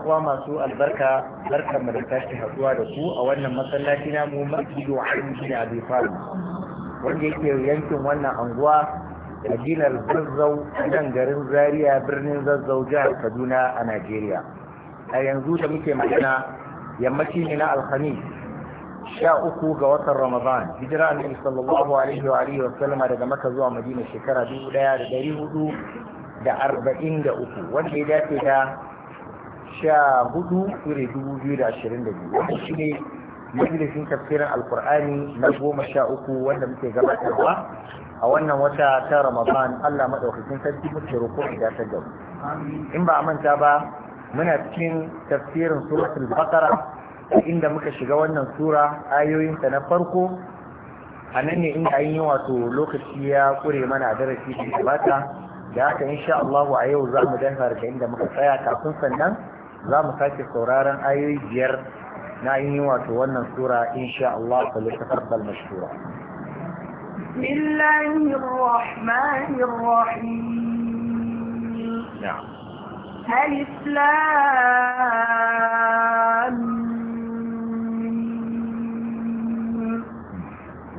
yan masu albarka barkan mu da tashi haduwa da ku a wannan masallaci na mu a Ali bin Abi Talib wanda yake yankin wannan anguwa Madinar Zazzau nan garin Zaria birnin Zazzau jihar Kaduna a Najeriya a yanzu da muke magana yammaci ne na Alhamis sha uku ga watan Ramadan hijira annabi sallallahu alaihi wa alihi wa daga maka zuwa Madina shekara dubu ɗaya da ɗari hudu da arba'in da uku wanda ya dace da sha hudu dubu biyu da ashirin da biyu wanda shi ne majalisin tafsirin alkur'ani na goma sha uku wanda muke gabatarwa a wannan wata ta ramadan allah maɗaukakin sarki muke roƙo da ta in ba a manta ba muna cikin tafsirin suratul bakara inda muka shiga wannan sura ayoyinta na farko a nan ne inda an yi wato lokaci ya kure mana a darasi da gabata da haka insha allahu a yau za mu dafa da inda muka tsaya kafin sannan za mu sake sauraron ayoyi biyar na yi wato wannan sura insha Allah ta littafar mashura. Bismillahirrahmanirrahim. Na'am.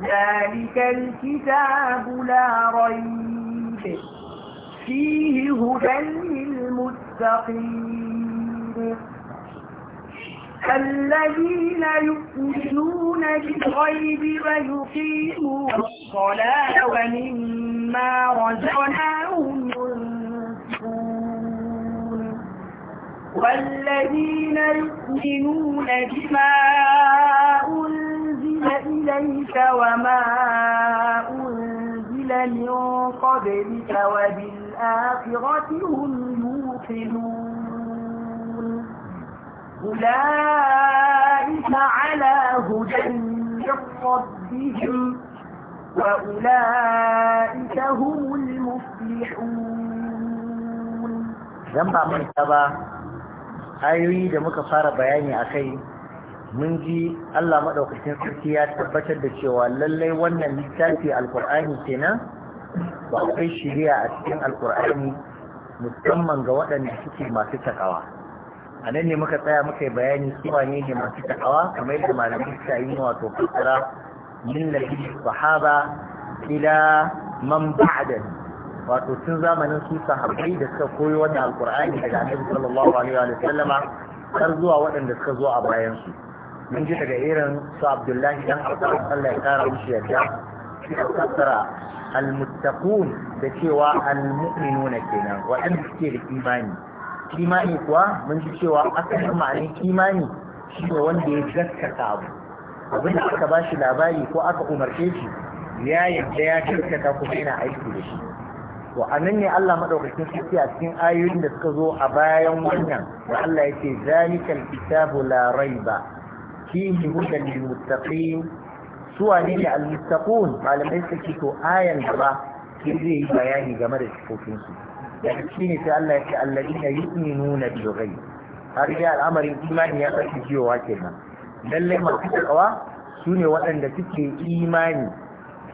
ذلك الكتاب لا ريب فيه هدى للمتقين الذين يؤمنون بالغيب ويقيمون الصلاة ومما رزقناهم ينفقون والذين يؤمنون بما أنزل إليك وما أنزل من قبلك وبالآخرة هم يوقنون أولئك على هدى ربهم وأولئك هم المفلحون جنب من تبا ayoyi da muka fara bayani a kai mun ji Allah maɗaukacin sarki ya tabbatar da cewa lallai wannan littafi alkur'ani kenan ba akwai shiriya a cikin alkur'ani musamman ga waɗanda suke masu takawa a nan ne muka tsaya muka yi bayani cewa ne ne masu ta'awa kamar yadda malamai suka yi wato fassara min nabi sahaba ila man ba'da wato tun zamanin su sahabbai da suka koyi wannan alqur'ani daga annabi sallallahu alaihi wa sallama har zuwa waɗanda suka zo a bayan su mun ji daga irin su abdullahi dan abbas Allah ya kara mushi yadda suka fassara al-muttaqun da cewa al-mu'minuna kenan waɗanda suke da imani kimani kuwa mun ji cewa asalin ma'anin kimani shi ne wanda ya gaskata abu abin da aka ba shi labari ko aka umarce shi ya yadda ya gaskata kuma yana aiki da shi to a ne Allah madaukakin sarki a cikin ayoyin da suka zo a bayan wannan da Allah yake zalikal kitabu la raiba fihi hudan lil muttaqin su wane ne al muttaqun malamai suke to ayan ba shi zai yi bayani game da sifofin su daga ne sai Allah ya ce alladina yu'minuna bil ghaib har ya al'amarin imani ya kashi jiyowa kenan lalle masu takawa sune waɗanda suke imani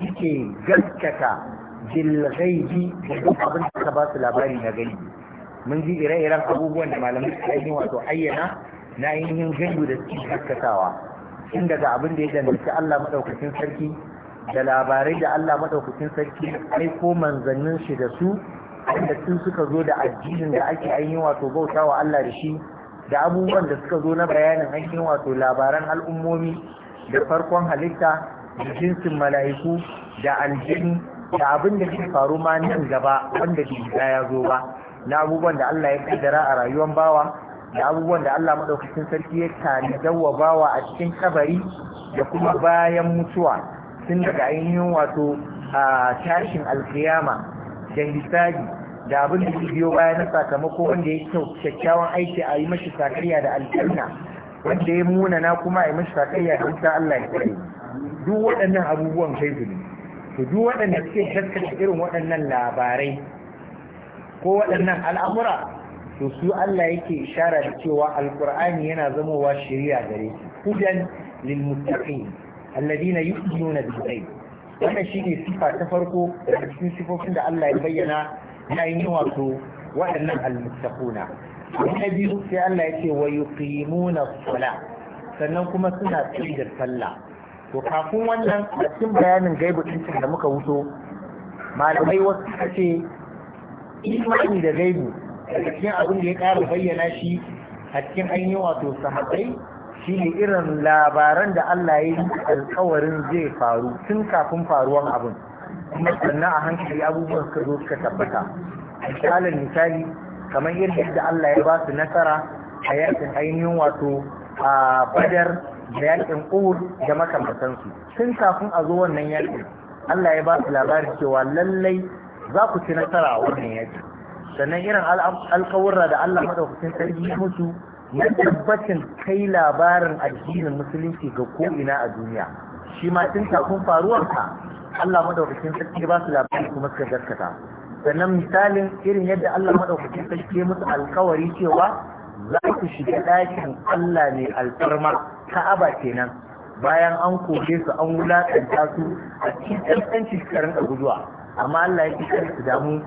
suke gaskata bil ghaibi da abin da ka ba su labari na gaibi mun ji ire-iren abubuwan da malamai suka yi wato ayyana na ainihin gaibu da suke gaskatawa tun daga abin da ya danganci Allah madaukakin sarki da labarai da Allah madaukakin sarki aiko manzannin shi da su wanda sun suka zo da addinin da ake ainihin wato bauta wa Allah da shi da abubuwan da suka zo na bayanin ainihin wato labaran al'ummomi da farkon halitta da jinsin mala'iku da aljini da abin da ke faru ma nan gaba wanda bai ya zo ba na abubuwan da Allah ya kaddara a rayuwar bawa da abubuwan da Allah madaukakin sarki ya tanadar wa bawa a cikin kabari da kuma bayan mutuwa tun daga ainihin wato a tashin alkiyama da hisabi da abin da biyo baya na sakamako wanda ya kyau kyakkyawan aiki a yi mashi sakayya da aljanna wanda ya munana kuma a yi mashi sakayya da wuta Allah ya kare duk waɗannan abubuwan kai ne to duk waɗanda suke gaskata irin waɗannan labarai ko waɗannan al'amura to su Allah yake ishara da cewa alƙur'ani yana zamowa shari'a gare su hudan lil muttaqin alladhina yu'minuna bil ghaib wannan shi ne sifa ta farko daga cikin sifofin da Allah ya bayyana ya yi wato waɗannan almustaquna abu na biyu sai Allah ya ce wa yuqimuna sala sannan kuma suna tsayi da sallah to kafin wannan a cikin bayanin gaibu da muka wuto malamai wasu suka ce imani da gaibu daga cikin abin da ya ƙara bayyana shi a cikin ainihin wato sahabbai shi ne irin labaran da Allah ya yi alkawarin zai faru tun kafin faruwan abin kuma sannan a hankali abubuwan suka zo suka tabbata misalin misali kamar irin yadda Allah ya ba su nasara a yakin ainihin wato a badar da yakin uhud da makamantansu tun kafin a zo wannan yakin Allah ya ba su labarin cewa lallai za ku ci nasara a wannan yakin sannan irin alkawurra da Allah madaukakin sarki musu na tabbacin kai labarin addinin musulunci ga ko'ina a duniya shi ma tun kafin faruwarsa Allah madaukakin sarki ba su labari kuma suka gaskata sannan misalin irin yadda Allah madaukakin sarki musu alkawari cewa za ku shiga ɗakin Allah ne alfarma ka'aba kenan bayan an koke su an wulaƙanta su a cikin ɗanci karin a guduwa amma Allah ya ƙi su damu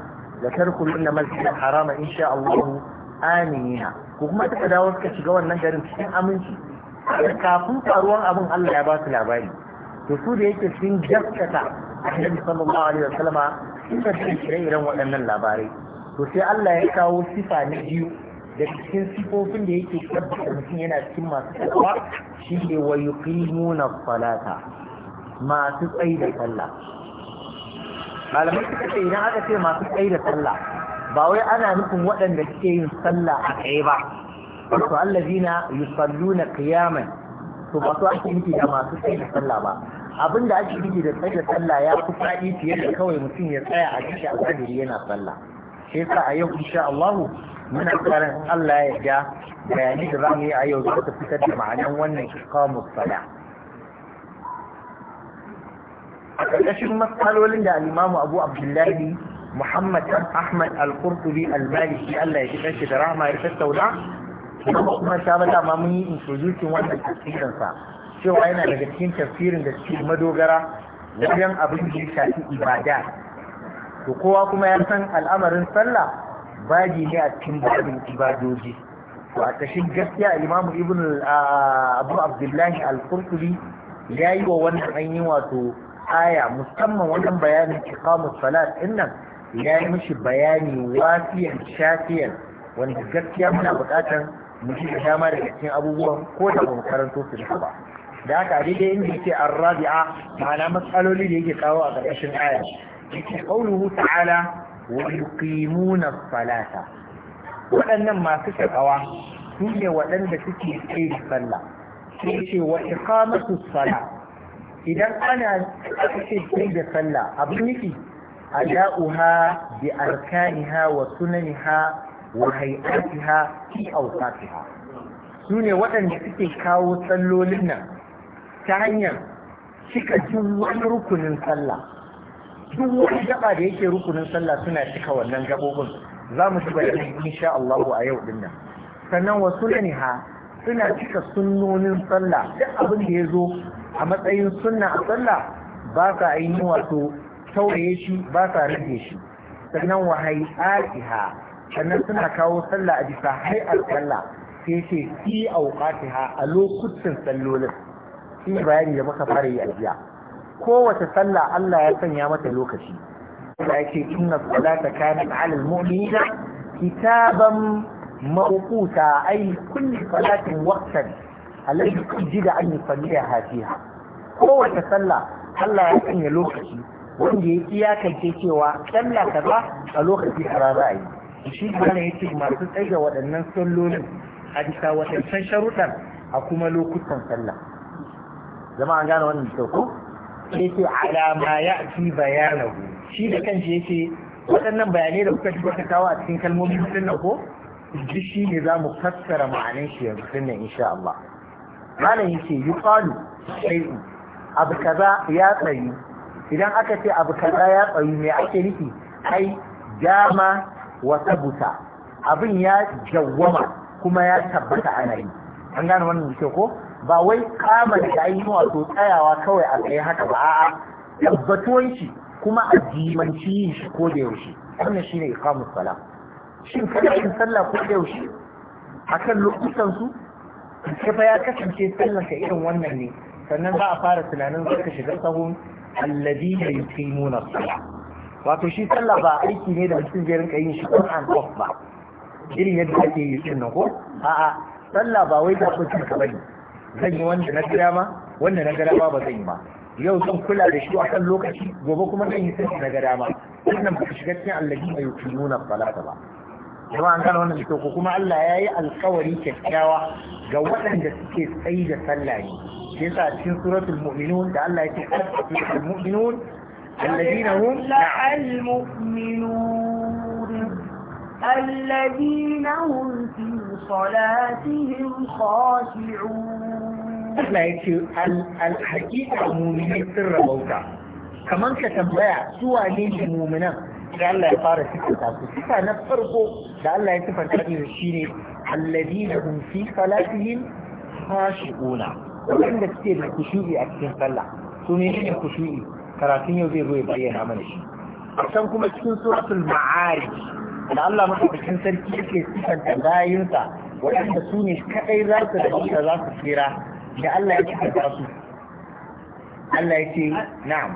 da tarkulun na masjidin harama insha Allah amina ko kuma ta dawo suka shiga wannan garin cikin aminci kafin faruwar abin Allah ya ba su labari to su da yake sun gaskata annabi sallallahu alaihi wasallama sun da shirye irin waɗannan labarai to sai Allah ya kawo sifa na biyu da cikin sifofin da yake tabbata mutum yana cikin masu tsawa shi ne wa yuqimuna salata masu tsayi da sallah malamai suka ce idan aka ce masu tsayi da sallah ba wai ana nufin waɗanda suke yin sallah a tsaye ba wato allazina yusalluna qiyaman to ba su ake nufi da masu tsaye da sallah ba abin da ake nufi da tsaye da sallah ya fi faɗi fiye da kawai mutum ya tsaya a cikin alƙadiri yana sallah shi yasa a yau insha Allah muna karin Allah ya ja bayani da zamu yi a yau za ta fitar da ma'anan wannan iqamus sala a ƙarƙashin matsalolin da alimamu Abu Abdullahi Muhammad Ahmad Al-Qurtubi Al-Maliki Allah ya kika shi da rahama ya tattauna kuma kuma ta ba ma mun yi introducing wannan tafsirin sa cewa yana daga cikin tafsirin da cikin madogara wajen abin da ya shafi ibada to kowa kuma ya san al'amarin sallah baji ne a cikin babin ibadoji to a tashin gaskiya Imam Ibn Abu Abdullahi Al-Qurtubi ya yi wa wannan an yi wato aya musamman wannan bayanin iqamus salat innan. ya yi mishi bayani wafiyar shafiyar, wanda gaskiya muna buƙatar mu ji dama daga cikin abubuwan ko da ba karanto su da ba da haka daidai inda yake arrabi'a ma'ana matsaloli da yake kawo a ƙarƙashin aya yake qauluhu ta'ala wa yuqimuna as-salata waɗannan masu takawa su ne waɗanda suke tsaye da sallah sai ce wa iqamatu as-sala idan ana ake tsaye da sallah abin nufi أداؤها بأركانها وسننها وهيئاتها في أوقاتها سنة وأن كاو صلوا لنا تعنيا شكا جوان ركن صلى جوان جبا ديك ركن صلى سنة شكا ونن جبوبن زام جبا إن شاء الله أيو لنا سنة وسننها سنة suna cika sunnonin sallah duk abin da ya zo a matsayin sunna a tauraye shi ba sa rage shi sannan wa hai'atiha sannan suna kawo sallah a bisa hai'ar sallah sai ce fi auqatiha a lokutan sallolin shi bayani da muka fara yi a jiya kowace sallah Allah ya sanya mata lokaci Allah ya ce inna salata kanat 'ala al-mu'minina kitaban mawquta ay kulli salatin waqtan alladhi qadida an yusalliha fiha kowace sallah Allah ya sanya lokaci wanda ya kanke cewa sallah kaza a lokaci a za a yi shi mana ya ce masu tsaye waɗannan sallolin a bisa waɗancan sharuɗan a kuma lokutan sallah zama an gane wannan da ko ce alama ya fi bayana. shi da ya ce waɗannan bayanai da kuka ji kuka kawo a cikin kalmomin hudun ko duk shi ne za mu fassara ma'anin shi yanzu din nan insha Allah malam yi yuqalu sai abu kaza ya tsayu idan aka ce abu kaza ya tsayu mai ake nufi ai dama wa tabuta abin ya jawwama kuma ya tabbata ana yi an gane wannan ke ko ba wai kama da yi wato tsayawa kawai a tsaye haka ba a'a tabbatuwan shi kuma a jimanci shi ko da yaushe wannan shine iqamus sala shin kada yin sallah ko da yaushe akan lokutan su kafa ya kasance sallar ka irin wannan ne sannan za a fara tunanin zaka shiga sahun alladina yuqimuna as-salah wato shi sallah ba aiki ne da mutum zai rinka yin shi ko an off ba irin yadda ake yi din nan ko a'a sallah ba wai zaɓin cin ka bane zan yi wanda na gida ma wanda na gida ba zan yi ba yau zan kula da shi a kan lokaci gobe kuma zan yi sun na gida ma wannan ba shiga cikin alladina yuqimuna as-salata ba kuma an gano wannan ko kuma Allah ya yi alƙawari kyakkyawa ga waɗanda suke tsayi da sallah ne shi yasa a cikin suratul mu'minun da Allah yake al mu'minun الذين هم المؤمنون الذين هم في صلاتهم خاشعون Allah ya ce alhaƙiƙa mumini sun rabauta kamar ka tambaya su wane ne muminan da Allah ya fara sifanta su sifa na farko da Allah ya sifanta ne shi ne alladina hum fi salatihim khashi'una wanda suke da kushu'i a cikin sallah su ne ne kushu'i karatun yau zai zo ya bayyana mana shi can kuma cikin suratul ma'arij da Allah madaukakin sarki yake sifanta bayinsa waɗanda su ne kaɗai za su da za su tsira da Allah ya kika su Allah ya ce na'am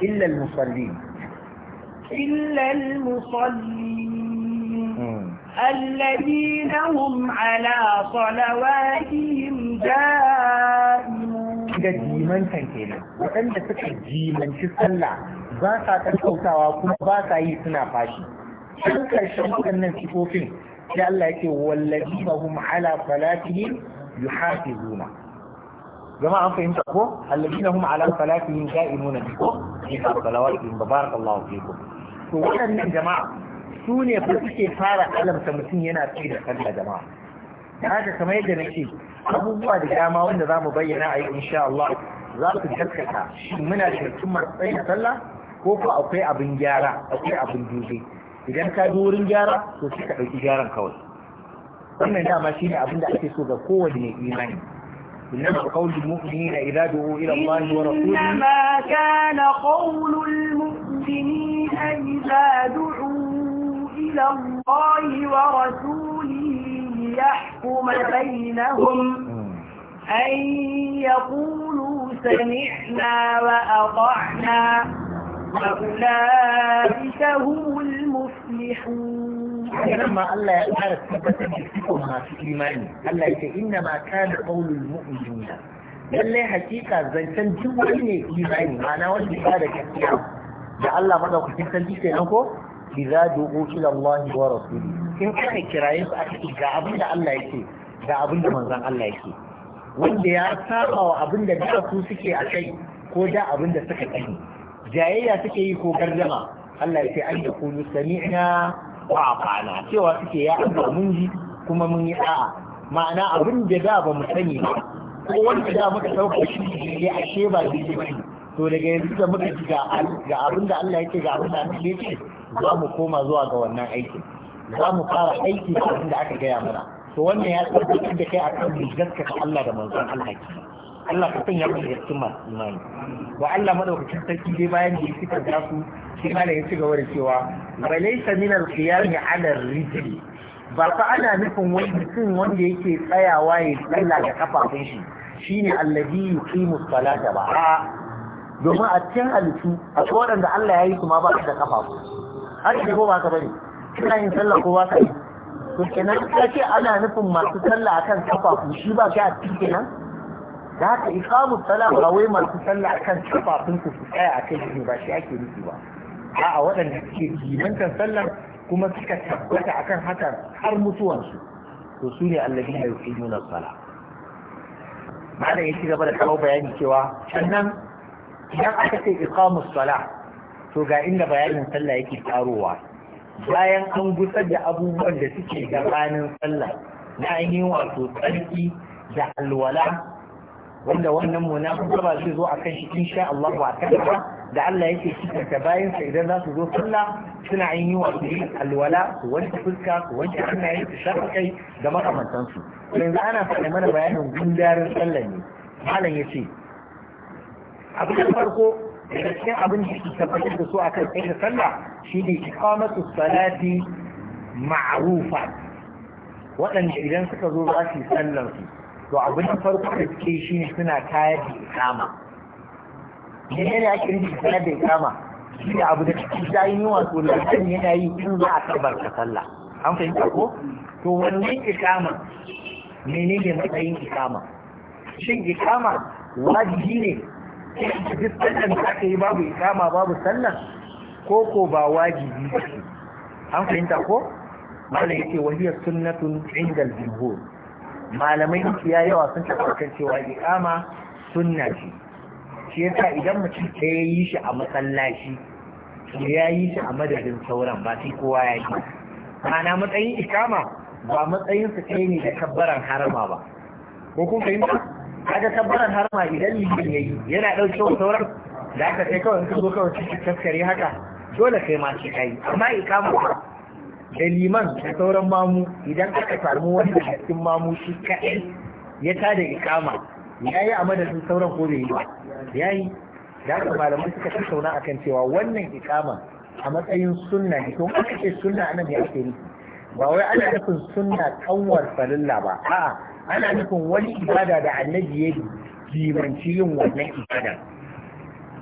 illa al-musallin illa al-musallin hmm. الذين هم على صلواتهم دائمون ga jimantan kenan waɗanda suka jimanci sallah ba sa tattautawa kuma ba sa yi suna fashi sun karshen waɗannan sifofin sai Allah yake wallazi ba hum ala salatihim yuhafizuna jama'a an fahimta ko alladina hum ala salatihim da'imuna ko ni ka salawatihim barakallahu fikum to waɗannan jama'a su ne fa suke fara alamta mutum yana tsaye da sallah jama'a haka kamar yadda nake abubuwa da dama wanda za mu bayyana a yi insha Allah za su gaskata shi muna shirkin mutumar da sallah ko ko akwai abin gyara akwai abin dube idan ka bi wurin gyara to sai ka ɗauki gyaran kawai wannan dama shi ne abin da ake so ga kowane imani إنما قول المؤمنين إذا دعوا إلى الله ورسوله إنما كان قول المؤمنين إذا دعوا إلى الله ورسوله ليحكم بينهم أن يقولوا سمعنا وأطعنا وأولئك هم المفلحون لما الله يقال ثبت بكتبها في إيماني قال لك إنما كان قول المؤمنين قال hakika zancen duk wani ne imani لك wanda ya da gaskiya da Allah madaukakin sarki kenan ko idza du'u dogo Allah wa rasuli in kana kiraye su aka ga abin da Allah yake ga abin da manzon Allah yake wanda ya saba wa abin da da su suke a kai ko da abin da suka kai jayayya suke yi ko gardama Allah ya ce an da kulu sami'na wa ata'na cewa suke ya Allah mun ji kuma mun yi a'a ma'ana abin da da ba mu sani ba ko wanda da muka sauka shi ne ashe ba shi ba to daga yanzu da muka ji ga abin da Allah yake ga abin da Allah yake za mu koma zuwa ga wannan aikin za mu fara aiki da abin da aka gaya mana to wannan ya tabbatar da kai akan gaskata ka Allah da manzon Allah ki Allah ka sanya mu da masu imani wa Allah madaukakin sarki dai bayan da yake kaza su shi ma da ya ci gaba da cewa balaysa min al-qiyam 'ala ar-rijli ba fa ana nufin wani mutum wanda yake tsayawa ya tsalla da kafafun shi shine allazi yuqimu salata ba domin a cikin halittu a waɗanda Allah ya yi kuma ba da kafafu haka ne ko ba ka bane kana yin sallah ko ba ka yi to kenan ka ce ana nufin masu sallah akan kafafu shi ba ka a kenan da haka iqamu salah ba wai masu sallah akan kafafun su su tsaya akai shi ba shi ake nufi ba a'a waɗanda suke kimantar sallar kuma suka tabbata akan haka har mutuwansu to su ne allabi da yuki nuna sala ma'ana ya ci gaba da kawo bayani cewa sannan idan aka ce iqamus sala to ga inda bayanin sallah yake karowa bayan an gusar da abubuwan da suke gabanin sallah na ainihin wato tsarki da alwala wanda wannan munafin ba zai zo a kan shi insha Allah da Allah yake cikanta bayan sa idan za su zo sallah suna ainihin wato yin alwala su wanke fuska su wanke hannaye su shafa kai da makamantansu yanzu ana faɗa mana bayanin gundarin sallah ne malam ya ce abu da farko daga cikin abin da ke tabbatar da su a kan tsaye da sallah shi ne ikamatu salati ma'arufa waɗanda idan suka zo za su yi sallar su to abin da farko da suke shi ne suna tayar da ikama ne ne kiri da tayar da ikama shi ne abu da cikin jayin yi wato lantarki yana yi in za a tabar ka sallah an fahimta ko to wannan ikama menene matsayin ikama shin ikama wajibi ne duk da aka yi babu ikama babu sallah ko ko ba wajibi an fahimta ko malam yake wahiyar sunnatun indal jumhur malamai ya yawa sun tabbatar cewa ikama sunna ce shi yasa idan mutum ta yi shi a masallaci ya yi shi a madadin sauran ba sai kowa ya yi ma'ana matsayin ikama ba matsayinsa ɗaya ne da kabbaran harama ba ko kun fahimta kaga har ma idan ya yi yana dauke wa sauran da aka kai kawai ka zo kawai cikin taskare haka dole kai ma shi kai amma ikama da liman da sauran mamu idan aka samu wani da cikin mamu shi kaɗai ya da ikama ya yi a madadin sauran ko bai yi ba ya yi da aka malamai suka tattauna akan cewa wannan ikama a matsayin sunna ne to aka ce sunna anan ya ake nufi ba wai ana nufin sunna kanwar farilla ba a'a ana nufin wani ibada da annabi ya jimanci yin wannan ibada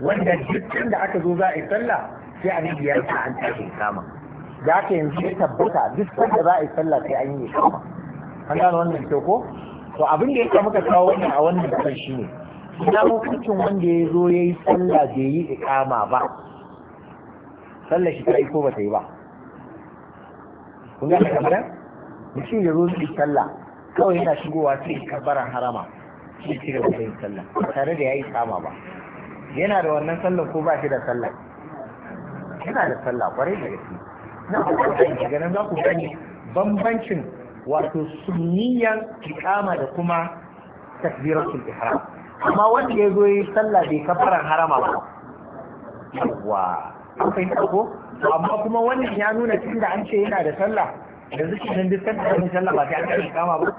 wanda duk da aka zo za a yi sallah sai a ya sa an tashi kama da aka yanzu ya tabbata duk sanda za a yi sallah sai an yi kama an gano wannan kyau ko to abin da yasa muka kawo wannan a wannan kan shi ne ina hukuncin wanda ya zo ya yi sallah bai yi ikama ba sallah shi ta yi ko ba ta yi ba kun gane kamar mutum ya zo zai sallah kawai yana shigowa sai kabaran harama shi ci da yin sallah tare da yayi sama ba yana da wannan sallah ko ba shi da sallah yana da sallah kwarai da gaske na kuma daga nan za ku gani bambancin wato sunniyan ikama da kuma takbiratul ihram amma wanda ya zo yi sallah bai kafaran harama ba yawa an fahimta ko amma kuma wannan ya nuna cikin da an ce yana da sallah yanzu kenan duk da sallah ba sai an kama ba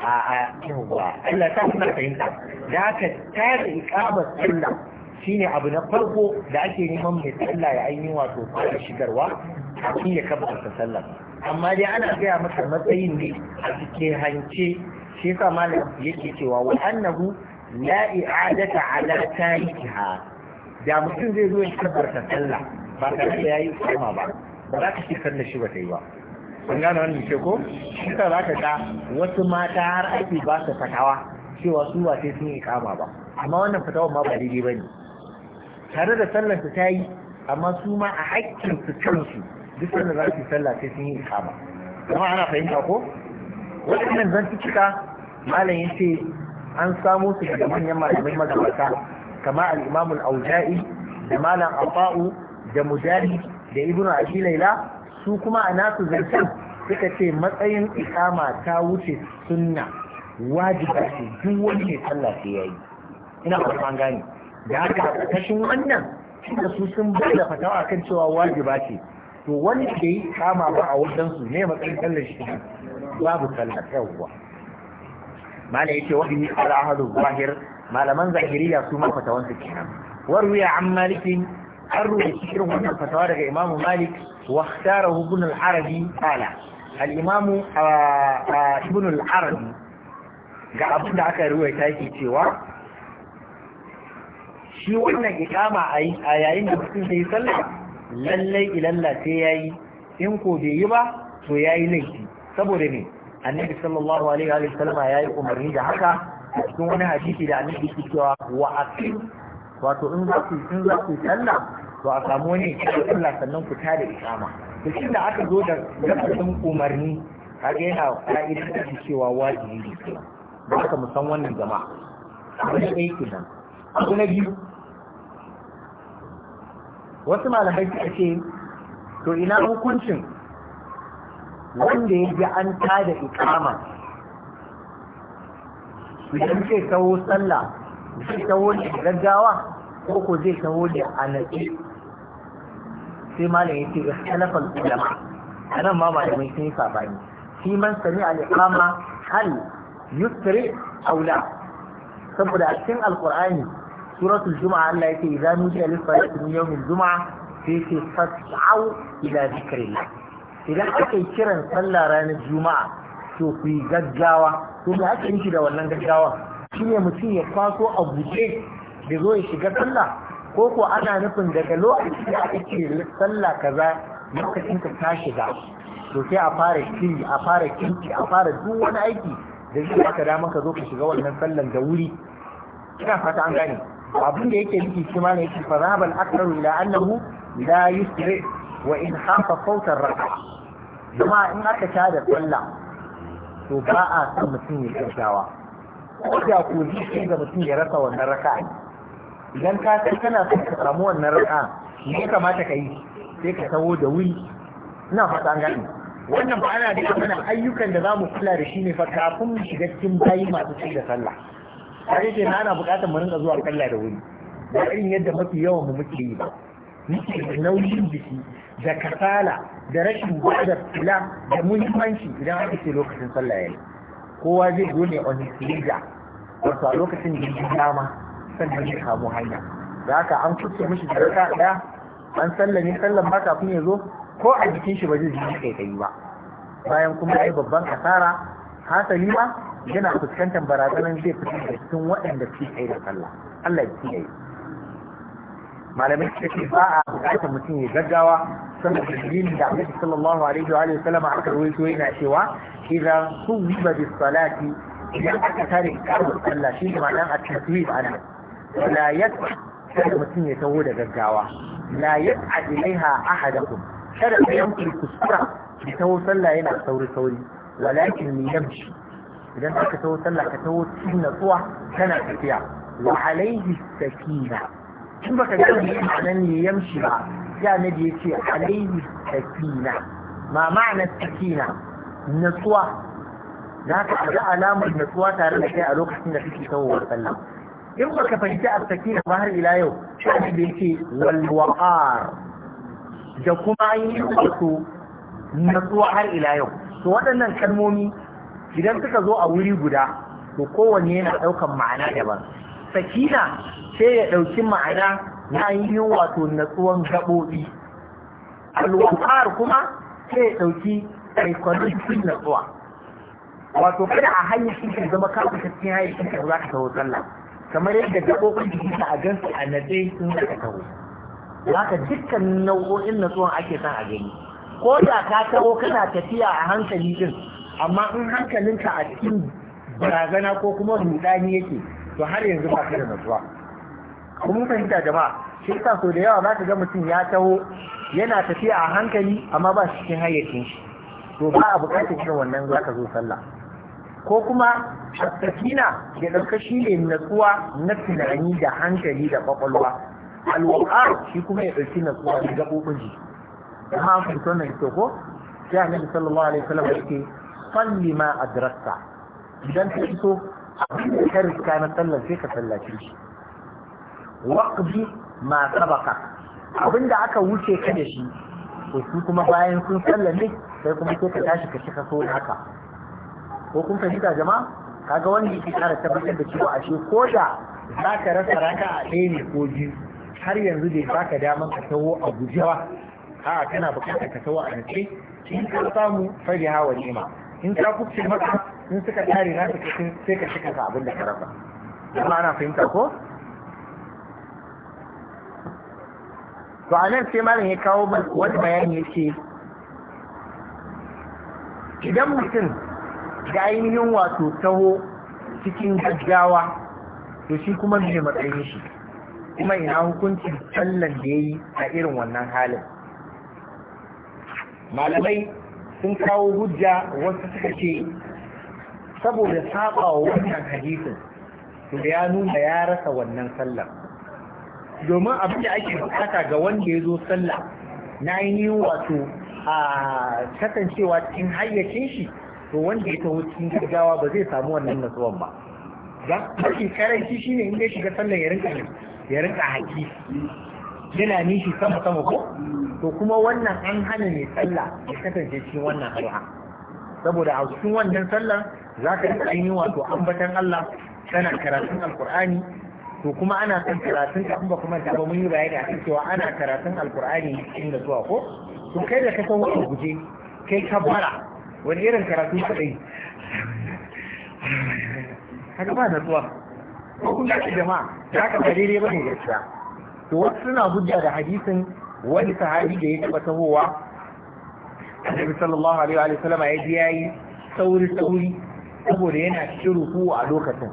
a a yawwa Allah ta kuma fahimta da ka tare ikamar sunna shine abu na farko da ake neman mai sallah ya ainihin wato fara shigarwa cikin ya kabbata sallah amma dai ana gaya masa matsayin ne a cikin hanci shi yasa malam yake cewa wa annahu la i'adata ala tarikiha da mutum zai zo ya kabbata sallah ba tare da yayi kuma ba ba za ka shi sallah shi ba ta yi ba kun gane wannan ke ko shi ka za ka ga wasu mata har aiki ba su fatawa cewa su ba sai sun yi kama ba amma wannan fatawa ma ba daidai ba ne tare da sallar su ta yi amma su ma a haƙƙin su kansu duk wanda za su sallah sai sun yi kama kuma ana fahimta ko waɗannan zan cika malam yace an samu su daga manyan malamai magabata kamar al auja'i da malam Afa'u da Mujari da Ibnu Abi su kuma a nasu zancen suka ce matsayin ikama ta wuce sunna wajiba ce duk wani ne sallah sai yayi ina ba an gane da haka kashin wannan da su sun bai da fatawa kan cewa wajiba ce to wani da yi kama ba a wajen su ne matsayin sallar shi babu sallah yawwa mala yace wa bihi al-ahadu zahir malaman zahiriya su ma fatawansu kenan. War warwiya an malikin an rubuta cikin wannan fatawa daga imamu malik واختاره ابن العربي قال الإمام ابن العربي ga abin da aka ruwaita yake cewa shi wannan ikama a yayin da mutum sai sallah lallai ilalla sai yi, in ko bai yi ba to ya yayi laifi saboda ne annabi sallallahu alaihi wa sallama yi umarni da haka a cikin wani hadisi da annabi yake cewa wa aqim wato in za ku in za to a samu wani Allah sannan ku tare ikama to shin da aka zo da lafazin umarni kaga yana ka'idar da cewa wajibi ne ba ka musan wannan jama'a abu na ɗaya nan, abu na biyu wasu malamai suka ce to ina hukuncin wanda ya ji an tada ikama idan zai kawo sallah zai kawo da gaggawa ko ko zai kawo da anaki sai malam ya ce ikhtilafal ulama anan ma malamai sun yi sabani shi man sami al hal yusri aw saboda a cikin alqur'ani suratul juma'a Allah yake idan nudiya lis salati min yawmil juma'a sai ce fas'au ila dhikrillah idan aka yi kiran sallah ranar juma'a to ku yi gaggawa to me ake nufi da wannan gaggawa shine mutum ya kwaso a buɗe da zo ya shiga sallah ko ko ana nufin daga lokaci da aka sallah kaza lokacin ka ta shiga to sai a fara shiri a fara kinki a fara duk wani aiki da zai baka dama ka zo ka shiga wannan sallan da wuri ina fata an gane abin da yake nufi shi ma ne yake fa zahabal aktaru ila annahu la yusri wa in khafa sautar raka. kuma in aka da sallah to ba a san mutum ya kyautawa ko da ko zai ga mutum ya rasa wannan raka'a idan ka kai kana son ka samu wannan raka ne kamata ka yi sai ka tawo da wuri ina fata an gane wannan ba ana da mana ayyukan da zamu kula da shi ne fa kafin mu shiga cikin bayi masu ci da sallah kare ce na ana bukatar mu rinka zuwa kalla da wuri da irin yadda mafi yawan mu muke yi ba muke da nauyin jiki da kasala da rashin gwada kula da muhimmanci idan aka ce lokacin sallah yayi kowa zai zo ne on his leisure wato lokacin da dama san ya kamo hanya da haka an kuce mishi da raka daya an sallame sallan ba kafin ya zo ko a jikin shi ba zai ji kai kai ba bayan kuma ai babban kasara hasali ba yana fuskantar barazanar zai fito da cikin waɗanda su kai da sallah Allah ya kiyaye malamai shi ba a bukatar mutum ya gaggawa saboda dalilin da Annabi sallallahu alaihi wa sallam aka rawaito yana cewa idan suwiba bis salati idan aka tare da sallah shi ne ma'anar at-taswib anan la yadda kada mutum ya taho da gaggawa la yadda ilaiha ahadakum kada ka yanku kuskura ki taho sallah yana sauri sauri walakin ni yamshi idan ka taho sallah ka taho cikin natsuwa kana tafiya wa alaihi sakina in baka ga me ma'anar ne yamshi ba ya nabi yace alaihi sakina ma ma'anar sakina natsuwa za ka ga alamar natsuwa tare da kai a lokacin da kake taho sallah in baka fahimci as-sakina ba har ila yau shi da yake wal waqar da kuma yi wato natsuwa har ila yau to waɗannan kalmomi idan suka zo a wuri guda to kowanne yana ɗaukan ma'ana daban sakina sai ya ɗauki ma'ana na yi wato natsuwan gaɓoɓi alwaqar kuma sai ya ɗauki psychological natsuwa wato kada a hanyar shi zama kafin cikin hanyar shi za ka tawo sallah kamar yadda gaɓoɓin jiki a gansu a natse sun da taho haka dukkan nau'o'in natsuwan ake son a gani ko da ka taho kana tafiya a hankali din amma in hankalinka a cikin barazana ko kuma rudani yake to har yanzu ba ka da natsuwa kuma fahimta jama'a shi yasa so da yawa za ka ga mutum ya taho yana tafiya a hankali amma ba shi cikin hayyacin shi to ba a buƙatar irin wannan za ka zo sallah ko kuma sakina ke ɗauka shi ne natsuwa na tunani da hankali da kwakwalwa alwaƙar shi kuma ya ɗauki natsuwa da gaɓoɓin jiki amma an fito na ito ko sai annabi sallallahu alaihi wasallam yake salli ma adrakta idan ka fito, abin da ka riska na sallar sai ka sallace shi waqbi ma sabaka abin da aka wuce ka da shi to su kuma bayan sun ne sai kuma sai ka tashi ka shi so da haka ko kun fahimta jama'a kaga wani yake kara tabbatar da cewa ashe ko da za ka rasa raka a ɗaya ne ko biyu har yanzu bai baka damar ka tawo a gujewa a kana bukatar ka tawo a nace in ka samu fari hawa nema in ka kufce maka in suka tare na ka sai ka cika ka abin da ka rasa kuma ana fahimta ko to a nan sai malam ya kawo wani bayani ya ce idan mutum da ainihin wato taho cikin gaggawa to shi kuma mai matsayin shi kuma ina hukuncin sallan da ya yi a irin wannan halin malamai sun kawo hujja wasu suka ce saboda saɓawa wannan hadisin to da ya nuna ya rasa wannan sallar domin abin da ake bukata ga wanda ya zo sallah na yi wato a kasancewa cikin hayyacin shi to wanda ya taho cikin gaggawa ba zai samu wannan nasuwan ba dan mafi karanci shine in ya shiga sallan ya rinka ya rinka haki yana nishi sama sama ko to kuma wannan an hana ne sallah ya kasance cikin wannan harha saboda a cikin wannan sallan za ka rika ainihin wato ambatan Allah tana karatun alkur'ani to kuma ana son karatun ka kuma kuma da ba mun yi bayani a cikin cewa ana karatun alkur'ani cikin da zuwa ko to kai da ka san wani guje kai ka bara wani irin karatu kaɗai haka ba na zuwa ko kun gashi jama'a ta haka ba daidai ba ne gaskiya to wasu suna hujja da hadisin wani sahabi da ya taɓa tahowa annabi sallallahu alaihi wa sallama ya ji yayi sauri sauri saboda yana cikin ruku a lokacin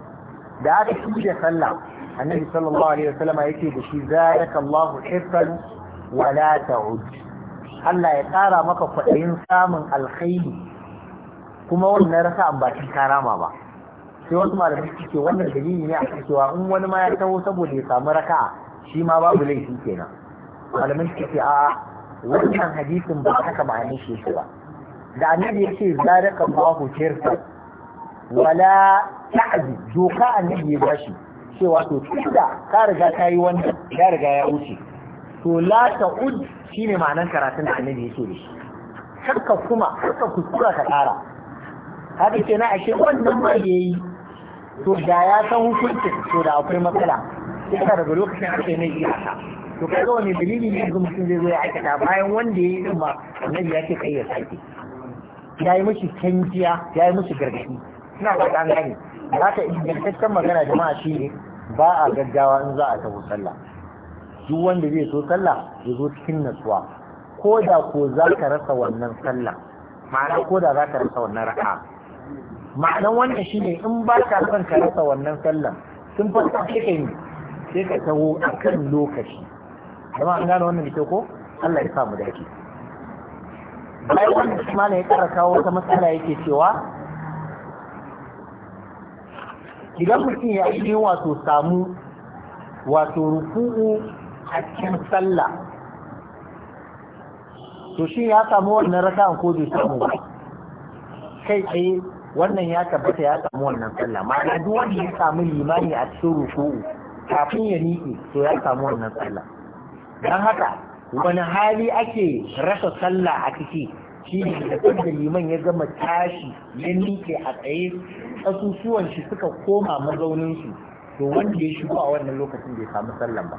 da aka ci da sallah annabi sallallahu alaihi wa sallama yake da shi zaraka Allahu hirsan wa la ta'ud Allah ya ƙara maka kwaɗayin samun alkhairi kuma wannan raka'an ba ta rama ba sai wasu malamai ce wannan dalili ne a cewa in wani ma ya taho saboda ya samu raka'a shi ma babu laifi kenan malamai ce a wannan hadisin ba haka ma'anin shi ba da annabi ya ce zaraka Allahu kirka wala ta'zi doka annabi ya bashi cewa to tunda ka riga ka yi wannan ya riga ya wuce to la ta'ud shine ma'anar karatun da annabi ya ce da shi kakka kuma ka kuskura ka kara haka ke na ashe wannan ma ya yi to da ya san hukuncin to da akwai matsala sai ka daga lokacin ake na iyaka to kai wani dalili ne yanzu mutum zai zo ya aikata bayan wanda ya yi din ma annabi ya ce kai sake ya yi mishi canjiya ya yi mishi gargaɗi ina faɗa an gane za ka ingantaccen magana jama'a shi ne ba a gaggawa in za a tafi sallah duk wanda zai so sallah ya zo cikin natsuwa ko da ko za ka rasa wannan sallah ma'ana ko da za ka rasa wannan ra'a ma'anan wannan ne in ba ka son ka rasa wannan sallan sun farka sai kai ne sai ka taho a kan lokaci dama an gano wannan da ko Allah ya samu dace bayan wannan shi ya kara kawo wata matsala yake cewa idan mutum ya yi wato samu wato ruku'u a cikin sallah to shi ya samu wannan rasa ko bai samu ba kai tsaye wannan ya tabbata ya samu wannan sallah ma'ana duk wanda ya samu limani a cikin ruku'u kafin ya riƙe to ya samu wannan sallah don haka wani hali ake rasa sallah a ciki shi ne da liman ya gama tashi ya miƙe a tsaye ƙasusuwan shi suka koma mazaunin su to wanda ya shigo a wannan lokacin bai samu sallah ba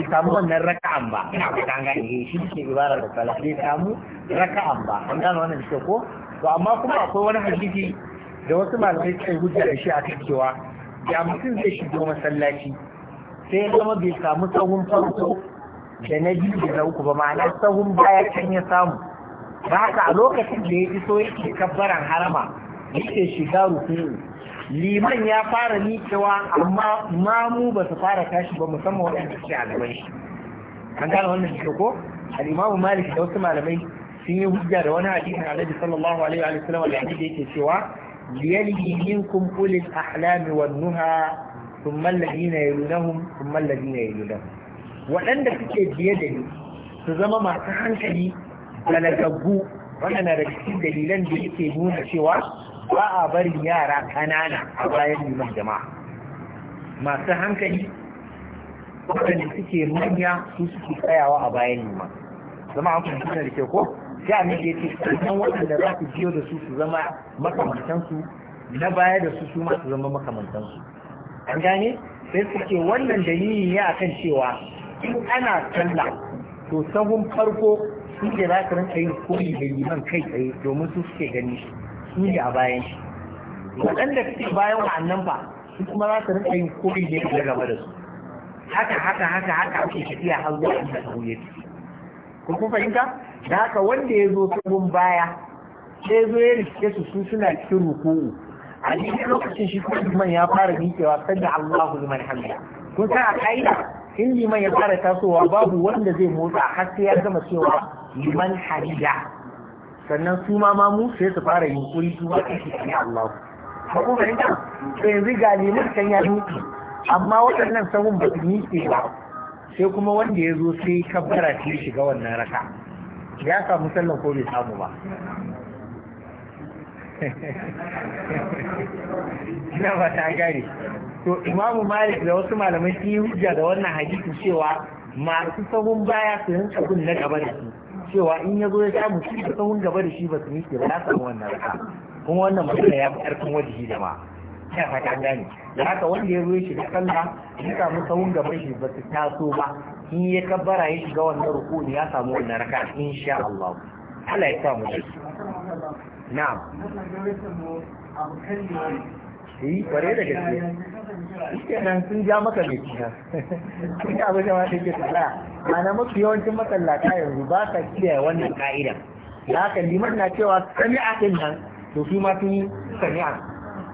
bai samu wannan raka'an ba ina ba ta gane eh, shi ke ibara da sallah bai samu raka'an ba an gane wannan shi ko to amma kuma akwai wani hadisi da wasu malamai suka hujja da shi a kan cewa da mutum zai shigo masallaci sai ya zama bai samu tsawon farko da na biyu da na uku ba ma'ana tsawon baya can ya samu Ba haka a lokacin da ya iso yake kabbaran harama yake shiga rukuni liman ya fara miƙewa amma mamu ba su fara tashi ba musamman waɗanda suke a gaban shi an gane wannan shi ko al'imamu malik da wasu malamai sun yi hujja da wani hadisin annabi sallallahu alaihi wa sallam da yake cewa liyali minkum ulil ahlami wan nuha thumma alladhina yalunahum thumma alladhina yalunahum waɗanda suke biye da ni su zama masu hankali da lagaggu waɗanda da cikin dalilan da yake nuna cewa ba a bari yara kanana a bayan liman jama'a masu hankali waɗanda suke manya su suke tsayawa a bayan liman zama an fahimta da ke ko sai annabi ya ce sannan waɗanda za su biyo da su su zama makamantansu na baya da su su ma su zama makamantansu an gane sai su ce wannan dalili ne akan cewa in ana sallah to sahun farko su ke za su rinka yin koyi da liman kai tsaye domin su suke gani su ne a bayan shi waɗanda suke bayan wa'annan ba su kuma za su rinka yin koyi da ya gaba da su haka haka haka haka ake tafiya har zuwa inda sahu ya ku kun fahimta da haka wanda ya zo sabon baya sai zo ya rike su su suna cikin ruku'u a cikin lokacin shi ko liman ya fara miƙewa sanda Allahu liman hamda kun san a ka'ida in liman ya fara tasowa babu wanda zai motsa har sai ya gama cewa liman hamida sannan su ma ma mu sai su fara yunkuri su ma kashi ne Allahu ba ku fahimta to yanzu ga liman kan ya miƙe amma waɗannan sabon ba su miƙe ba sai kuma wanda ya zo sai kabbara ta shiga wannan raka ya samu sallan ko bai samu ba ina ba ta gane to imamu malik da wasu malamai sun yi hujja da wannan hadisi cewa masu sahun baya su yin gun na gaba da shi cewa in ya zo ya samu shi da sahun gaba da shi ba su miƙe ba ya samu wannan raka kuma wannan magana ya fi ƙarfin wajihi da ma ya fata gane da haka wanda ya zo ya shiga sallah ya samu sahun gaba shi ba su taso ba in ya kabbara ya shiga wannan ruku ya samu wannan raka insha Allah Allah ya samu shi na'am yi eh, kware da gaske nan sun ja maka mai kina kun ga abin da ma take Mana ana mafi yawancin masallata yanzu ba ka kiyaye wannan ka'idan ya kan liman na cewa a kan nan to su ma sun yi sami'a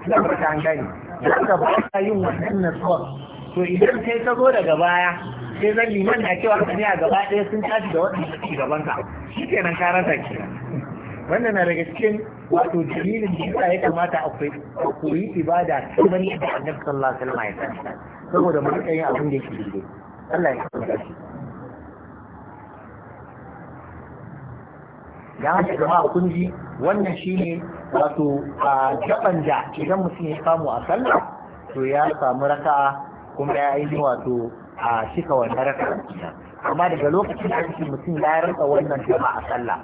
da an gani da ka ba ka yin wannan nasuwa to idan kai ka zo daga baya sai zan liman na cewa ka a gaba ɗaya sun tashi da waɗanda suke gaban ka shi kenan ka rasa ke wannan na daga cikin wato dalilin da yasa ya kamata akwai koyi ibada kamar yadda annabi sallallahu alaihi wasallam ya tsaya saboda mu rika yin abin da yake daidai Allah ya kama shi da haka jama'a kun ji wannan shine wato a gaban da idan mutum ya samu a sallah to ya samu raka'a kuma ya yi wato a shika wannan raka amma daga lokacin da ake mutum ya rasa wannan dama a sallah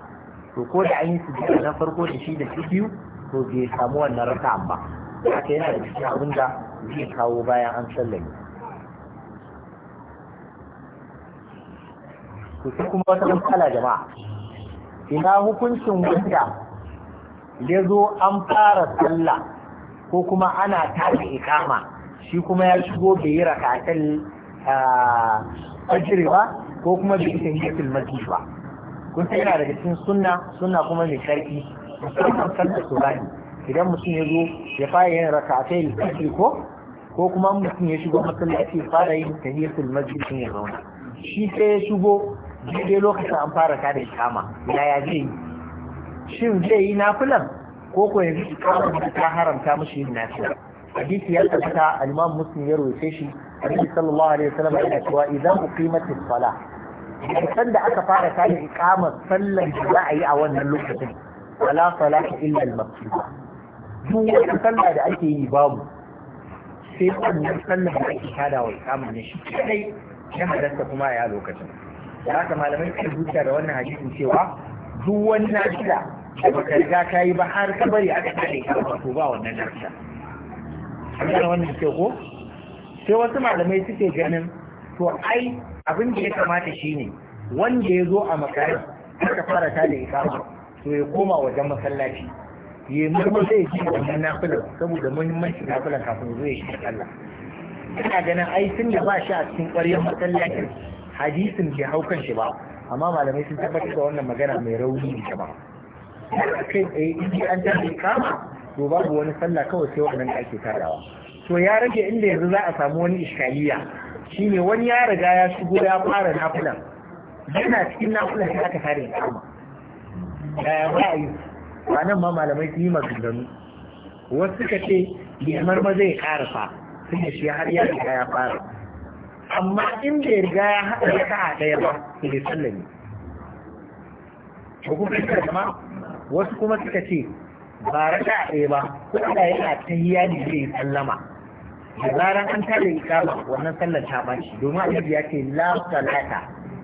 to ko da an yi sujjada na farko da shi da shi biyu to bai samu wannan raka ba haka yana da cikin abin da zai kawo bayan an ne to sai kuma wata matsala jama'a ina hukuncin wanda ya zo an fara sallah ko kuma ana tashi ikama shi kuma ya shigo bai yi rakatan fajiri ba ko kuma bai isa yi masjid ba kun san yana daga cikin sunna sunna kuma mai sarki musamman sallar surani idan mutum ya zo ya fara yin rakatai fajiri ko ko kuma mutum ya shigo masallaci fara yin tahiyatul masjid sun ya zauna shi sai ya shigo daidai lokacin an fara kada kama ya zai yi shin zai yi nafilan ko ko yanzu kama ta haramta mashi yin nafilan hadisi ya tabbata al-Imam ya rawaye shi Annabi sallallahu alaihi wa yana cewa idan uqimat as-salah san da aka fara tada iqamar sallar da a yi a wannan lokacin wala salah illa al-maktuba duk wata sallah da ake yi babu sai sallar wa ya kuma ya lokacin da haka malamai da wannan hadisin cewa duk wani nafila da baka riga ka yi ba har kabari aka tada iqamar to ba wannan nafila an gane wannan ke ko sai wasu malamai suke ganin to ai abin da ya kamata shine wanda ya zo a makari aka fara ta da ikama to ya koma wajen masallaci ya sai ya ji wannan nafilar saboda muhimmanci nafilar kafin zuwa ya shi Allah ina ganin ai tun da ba shi a cikin ƙwaryar masallacin hadisin bai haukan shi ba amma malamai sun tabbatar da wannan magana mai rauni da ba kai tsaye in an yi kama to babu wani sallah kawai sai wannan da ake tarawa to ya rage inda yanzu za a samu wani iskaliya shine wani ya riga ya shigo ya fara nafila yana cikin nafila sai aka tare kama yaya ba a yi ba nan ma malamai su yi maganganu wasu suka ce limar ma zai karasa sun da shi har ya riga ya fara amma inda ya riga ya haɗa ya a ɗaya ba su bai sallami hukumar jama'a wasu kuma suka ce ba a ɗaya ba ko da yana yi ne zai yi sallama da zaran an yi kama wannan sallar ta ɓaci. domin annabi ya ce la salata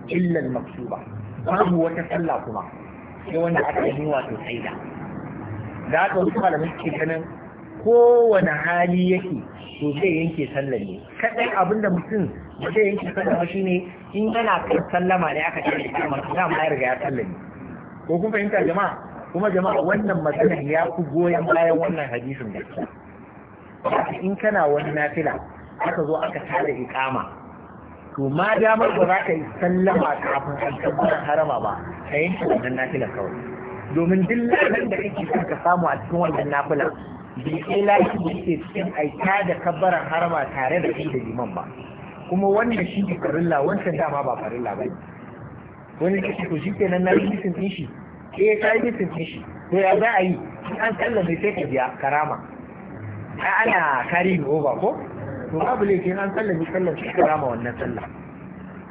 illa al-maktuba babu wata sallah kuma sai wanda aka yi wato sai da Da aka wasu malamai suke ganin kowane hali yake to zai yanke sallar ne kadai abinda mutum zai yanke sallar ba shine in yana kan sallama ne aka ce yi to da ma ya riga ya sallar ne ko kun fahimta jama'a kuma jama'a wannan magana ya fi goyon bayan wannan hadisin gaskiya in kana wani nafila aka zo aka tara ikama to ma damar ba za ka yi sallama kafin an tabbatar harama ba ka yanke wannan nafila kawai domin duk lafiyan da kake son ka samu a cikin wannan nafila bai kai lafi da yake cikin aika da kabbaran harama tare da kai da liman ba kuma wannan shi ne farilla wancan dama ba farilla ba ne wani kake ko shi kenan na yi din shi ke ta yi bisin shi to ya za a yi in an tsalla mai sai ka biya karama ai ana kari da oba ko to babu laifin an tsalla mai sallar shi karama wannan sallah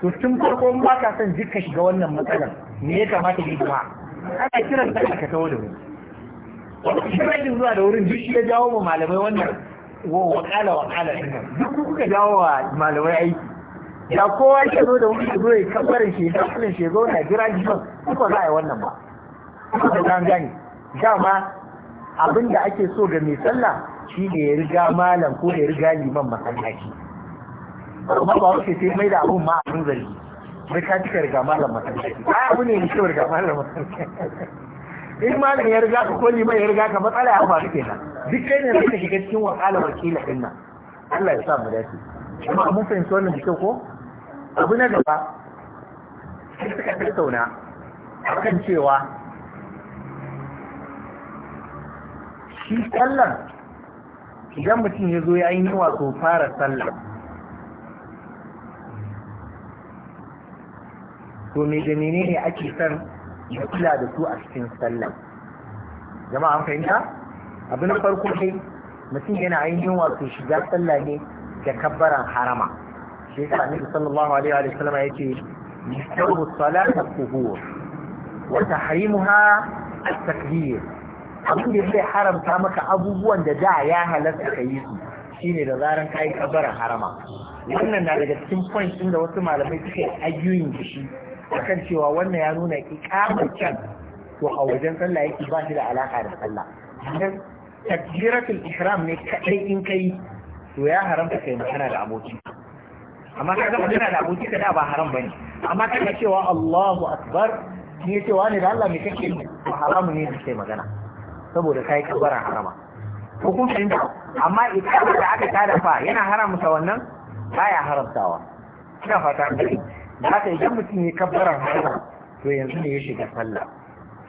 to tun farko in ba ka son jikka shiga wannan matsalar me ya kamata yi kuma ana kiran sallah ka kawo da wuri shirin zuwa da wurin duk shi ya jawo ma malamai wannan wakala wakala ɗin nan duk kuka jawo wa malamai aiki da kowa ya zo da wuri zo ya kabarin shi ya kabarin shi ya zo na jira jiran kuka za a yi wannan ba da kan gani dama abin da ake so ga mai tsalla shi ne ya riga malam ko ya riga liman masallaci kuma ba wuce sai mai da abun ma abin zargi mai ka cika riga malam masallaci ai abu ne mai kyau riga malam masallaci in malam ya riga ka ko liman ya riga ka matsala ya faru kenan duk kai ne zaka shiga cikin wakala wakila din nan Allah ya sa mu dace amma mun fahimci wannan da ko abu na gaba sai suka tattauna akan cewa shi sallar idan mutum ya zo ya ainihin wato fara sallar to me da ne ake son ya kula da su a cikin sallar jama'a an fahimta abu na farko ne mutum yana ainihin wato shiga sallah ne da kabbaran harama shi yasa annabi sallallahu alaihi wa sallam yake yastawu salata al-quhur wa tahrimuha at-takbir abin da zai haramta maka abubuwan da da ya halatta ka yi su shine da zaran ka yi kabarin harama wannan na daga cikin point ɗin da wasu malamai suke ajiyoyin da shi akan cewa wannan ya nuna ikamar can to a wajen sallah yake ba shi da alaka da sallah dan takbiratul ihram ne kadai in kai to ya haramta kai magana da aboki amma kaga magana da aboki kada ba haram bane amma kaga cewa Allahu akbar ne cewa ne da Allah me kake haramu ne da kai magana saboda yi kabara harama hukuncin da amma idan da aka tada fa yana haramta wannan baya haramtawa ina fata an gani da haka idan mutum ya kabbaran harama to yanzu ne ya shiga sallah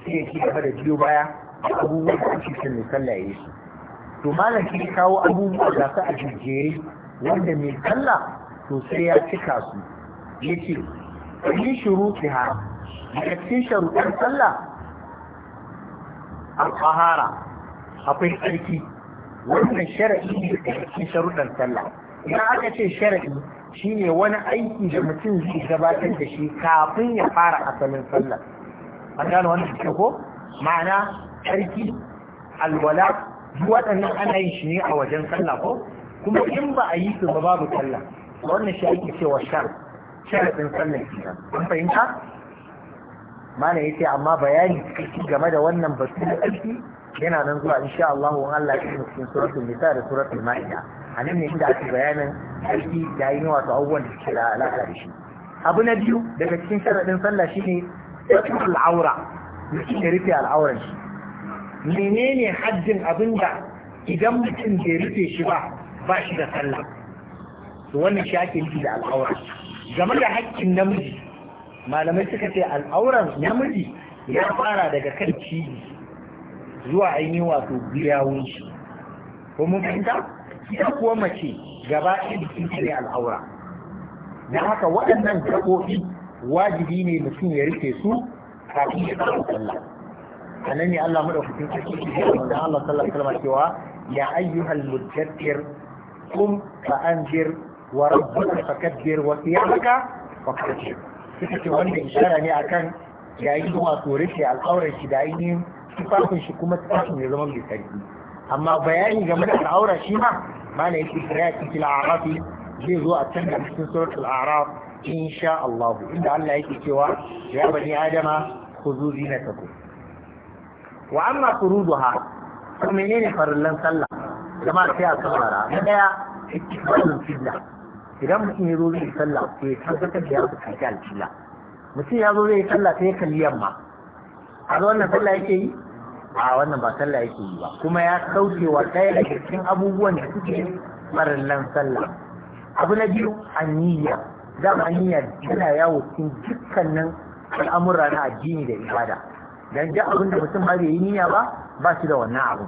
sai ya ci gaba da biyo baya abubuwan da ake son mai sallah ya yi su to malam shi kawo abubuwa da su a jijjere wanda mai sallah to sai ya cika su ya ce yi ki ha a cikin ɗan sallah al akwai tsarki wannan shar'i ne da cikin sharuɗan sallah idan aka ce shar'i shine wani aiki da mutum zai gabatar da shi kafin ya fara asalin sallah an gano wannan ke ko ma'ana tsarki alwala waɗannan ana yin shi ne a wajen sallah ko kuma in ba a yi su ba babu sallah wannan shi ake cewa shar sharadin sallah kenan kun fahimta mana yace amma bayani game da wannan batu da aiki yana nan zuwa insha Allah wa Allah ya cikin cikin suratul nisa da suratul maida anan ne inda ake bayanin aiki da yin wato abubuwan da suke da alaka da shi abu na biyu daga cikin sharadin sallah shine suratul aura mutum ya rufe al'auran shi menene haddin abinda idan mutum bai rufe shi ba ba shi da sallah to wannan shi ake nufi da al'aura game da haƙƙin namiji malamai suka ce al'auran namiji ya fara daga kan ciki zuwa ainihin wato biyawun shi ko mun fahimta ita kuwa mace gaba ɗaya jikin ne al'aura Na haka waɗannan gaɓoɓi wajibi ne mutum ya rike su kafin ya fara sallah nan ne Allah madaukakin sarki ya ne wanda Allah sallallahu alaihi cewa ya ayyuhal mudaddir qum fa anzir wa rabbaka fakabbir wa siyamaka fakabbir suka ce wanda ishara ne akan yayin wato rufe al'aurar shi da ainihin tufafin shi kuma tufafin ya zama mai sarki amma bayani game da al'aura shi ma mana yake kira ya cikin al'arafi zai zo a can da cikin surat al'araf insha Allah inda Allah yake cewa ya bani adama khuzu zinatakum wa amma furuduha to menene farillan sallah jama'a sai a saurara na daya ikbalul fidda idan mutum ya zo zai sallah ko ya tabbatar da ya kai alƙila mutum ya zo zai yi sallah sai ya kalli yamma a zo wannan sallah yake yi a wannan ba sallah yake yi ba kuma ya kauce wa ɗaya daga cikin abubuwan da suke nan sallah abu na biyu aniyya dan aniyya yana yawo cikin dukkanin al'amura na addini da ibada dan duk abin da mutum ba bai yi niyya ba ba shi da wannan abu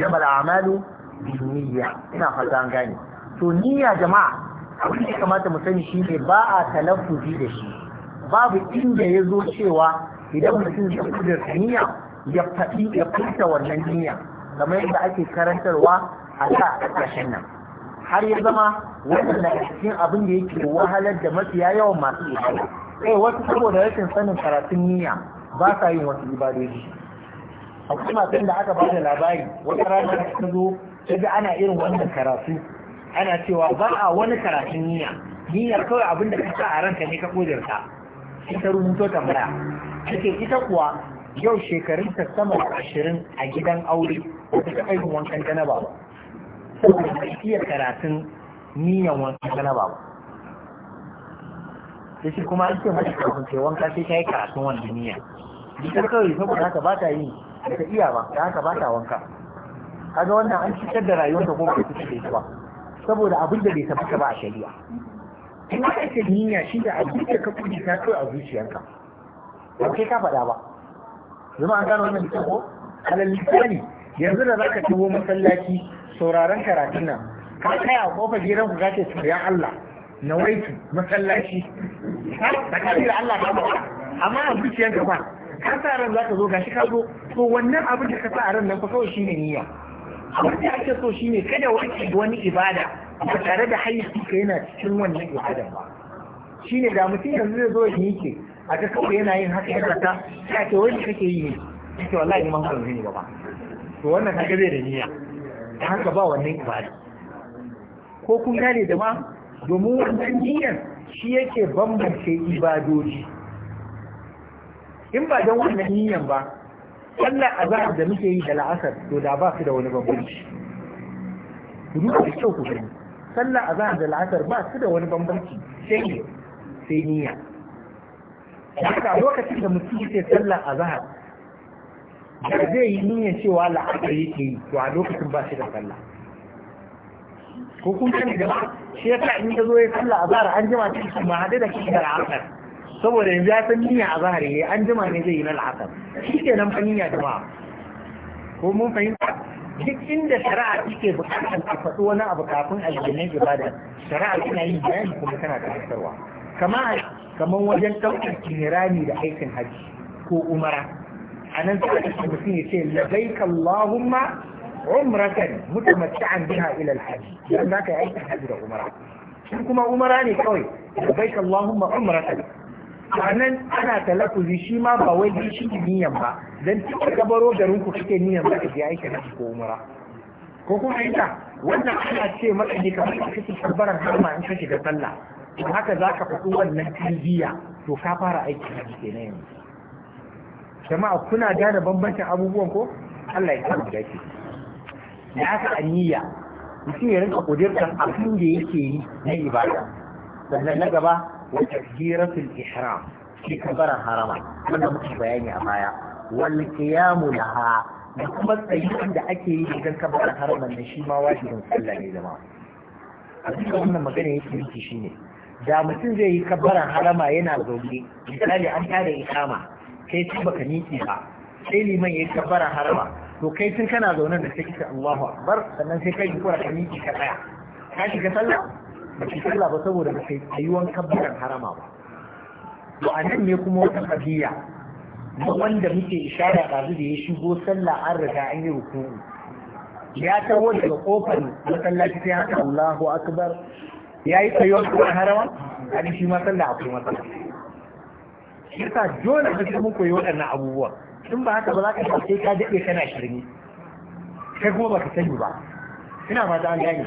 jamal amalu bi niyya ina fata an gane to niyya jama'a abin da kamata mu sani shi ne ba a talaffuzi da shi babu inda ya zo cewa idan mutum ya da niyya ya faɗi ya fita wannan niyya kamar yadda ake karantarwa a ta ƙarshen nan har ya zama wannan na cikin abin da yake wahalar da mafiya yawan masu ibada kai eh, wasu saboda rashin sanin karatun niyya ba sa yin wasu ibadoji akwai matan da aka ba da labari wata rana ta zo ta ana irin wannan karatu ana cewa ba a wani karatun niyya niyyar kawai abin da ka sa a ranka ne ka kodarta sai ta rubuto tambaya cikin ita kuwa yau shekarun ta sama da ashirin a gidan aure wata ta aikin wankan janaba ba saboda ba iya karatun niyan wankan janaba ba da shi kuma an ce mata kafin wanka sai ta yi karatun wanda niyya bitar kawai saboda haka ba ta yi ba ta iya ba ta haka ba ta wanka kaga wannan an cikar da rayuwarta ko ba ta cutar da ita ba saboda abin da bai tabbata ba a shari'a Kuma ka ake niyya shi da abin da ka kudi ta kai a zuciyarka ba kai ka faɗa ba zama an gano wannan da ko alal lisani yanzu da za ka tawo masallaci sauraron karatun nan ka kai a kofar gidan ku kace to ya Allah na waitu masallaci da Allah ka ba amma a zuciyarka ba ka sa ran za ka zo gashi ka zo to wannan abin da ka sa a ran nan fa kawai shine niyya abin da ake so shine kada wani wani ibada ba tare da hayyaci ka yana cikin wannan ibada ba shine da mutum yanzu zai zo yi ke a ga kawai yana yin haka yana ta ya ce wani kake yi ne yake wallahi ma man kan zai ba? to wannan kaga zai da niyya ta haka ba wannan ibada ko kun gane da ma domin wannan niyyar shi yake bambance ibadoji in ba don wannan niyyar ba sallar azhar da muke yi da la'asar to da ba su da wani bambanci ku duka da kyau ku gani sallar azhar da la'asar ba su da wani bambanci sai ne sai niyya haka lokacin da mutum yake sallar azhar da zai yi niyyar cewa la'asar yake yi to a lokacin ba shi da sallah ko kun sani da shi yasa in ka zo ya a azhar an jima cikin ma hade da shi da la'asar saboda yanzu ya san niyya a zahari ne an jima ne zai yi na la'asar shi ke nan fa niyya jima ko mun fahimta duk inda shari'a take bukatar a faɗi wani abu kafin a yi ibada shari'a tana yin bayani kuma tana tabbatarwa kama kaman wajen ɗaukar kinirani da aikin hajji ko umara a nan sai da mutum ya ce labaika Allahumma umratan mutamatti'an biha ila al-hajj dan zaka yi aikin hajji da umara kuma umara ne kawai labaika Allahumma umratan nan ana talakuzi shi ma ba wai ji shi niyan ba dan cikin gabaro garin ku kake niyan ba ka je aiki na ko umra ko kuma ita wannan ana ce maka ne kamar ka kake tabbaran harma in ka shiga sallah to haka zaka fito wannan tarbiya to ka fara aiki na na yanzu jama'a kuna gane bambancin abubuwan ko Allah ya kama dace Ya haka niyya mutum ya rinka kudirtan abin da yake yi na ibada sannan na gaba wa takbiratul ihram shi kabarar harama wanda muke bayani a baya wal qiyamu laha da kuma tsayin da ake yi idan kabarar harama na shi ma wajibin sallah ne zama a cikin wannan magana yake miki shine da mutum zai yi kabarar harama yana zaune misali an tada ikama kai tun baka niki ba sai liman yayi kabarar harama to kai tun kana zaune da sai kika Allahu akbar sanan sai kai kura ka niki ka tsaya ka shiga sallah ba ki sallah ba saboda ba kai ayyuwan kabbiran harama ba to a nan ne kuma wata kabiya wanda muke ishara kazu da ya shigo sallah an riga an yi ruku'u ya taho da kofar masallaci sai haka Allahu akbar ya yi tsayuwar kuma harama a shi ma sallah akwai matsala sallah yasa dole ka mu koyi waɗannan abubuwa in ba haka ba za ka sai ka daɗe kana shirme kai kuma baka sani ba ina fata an gane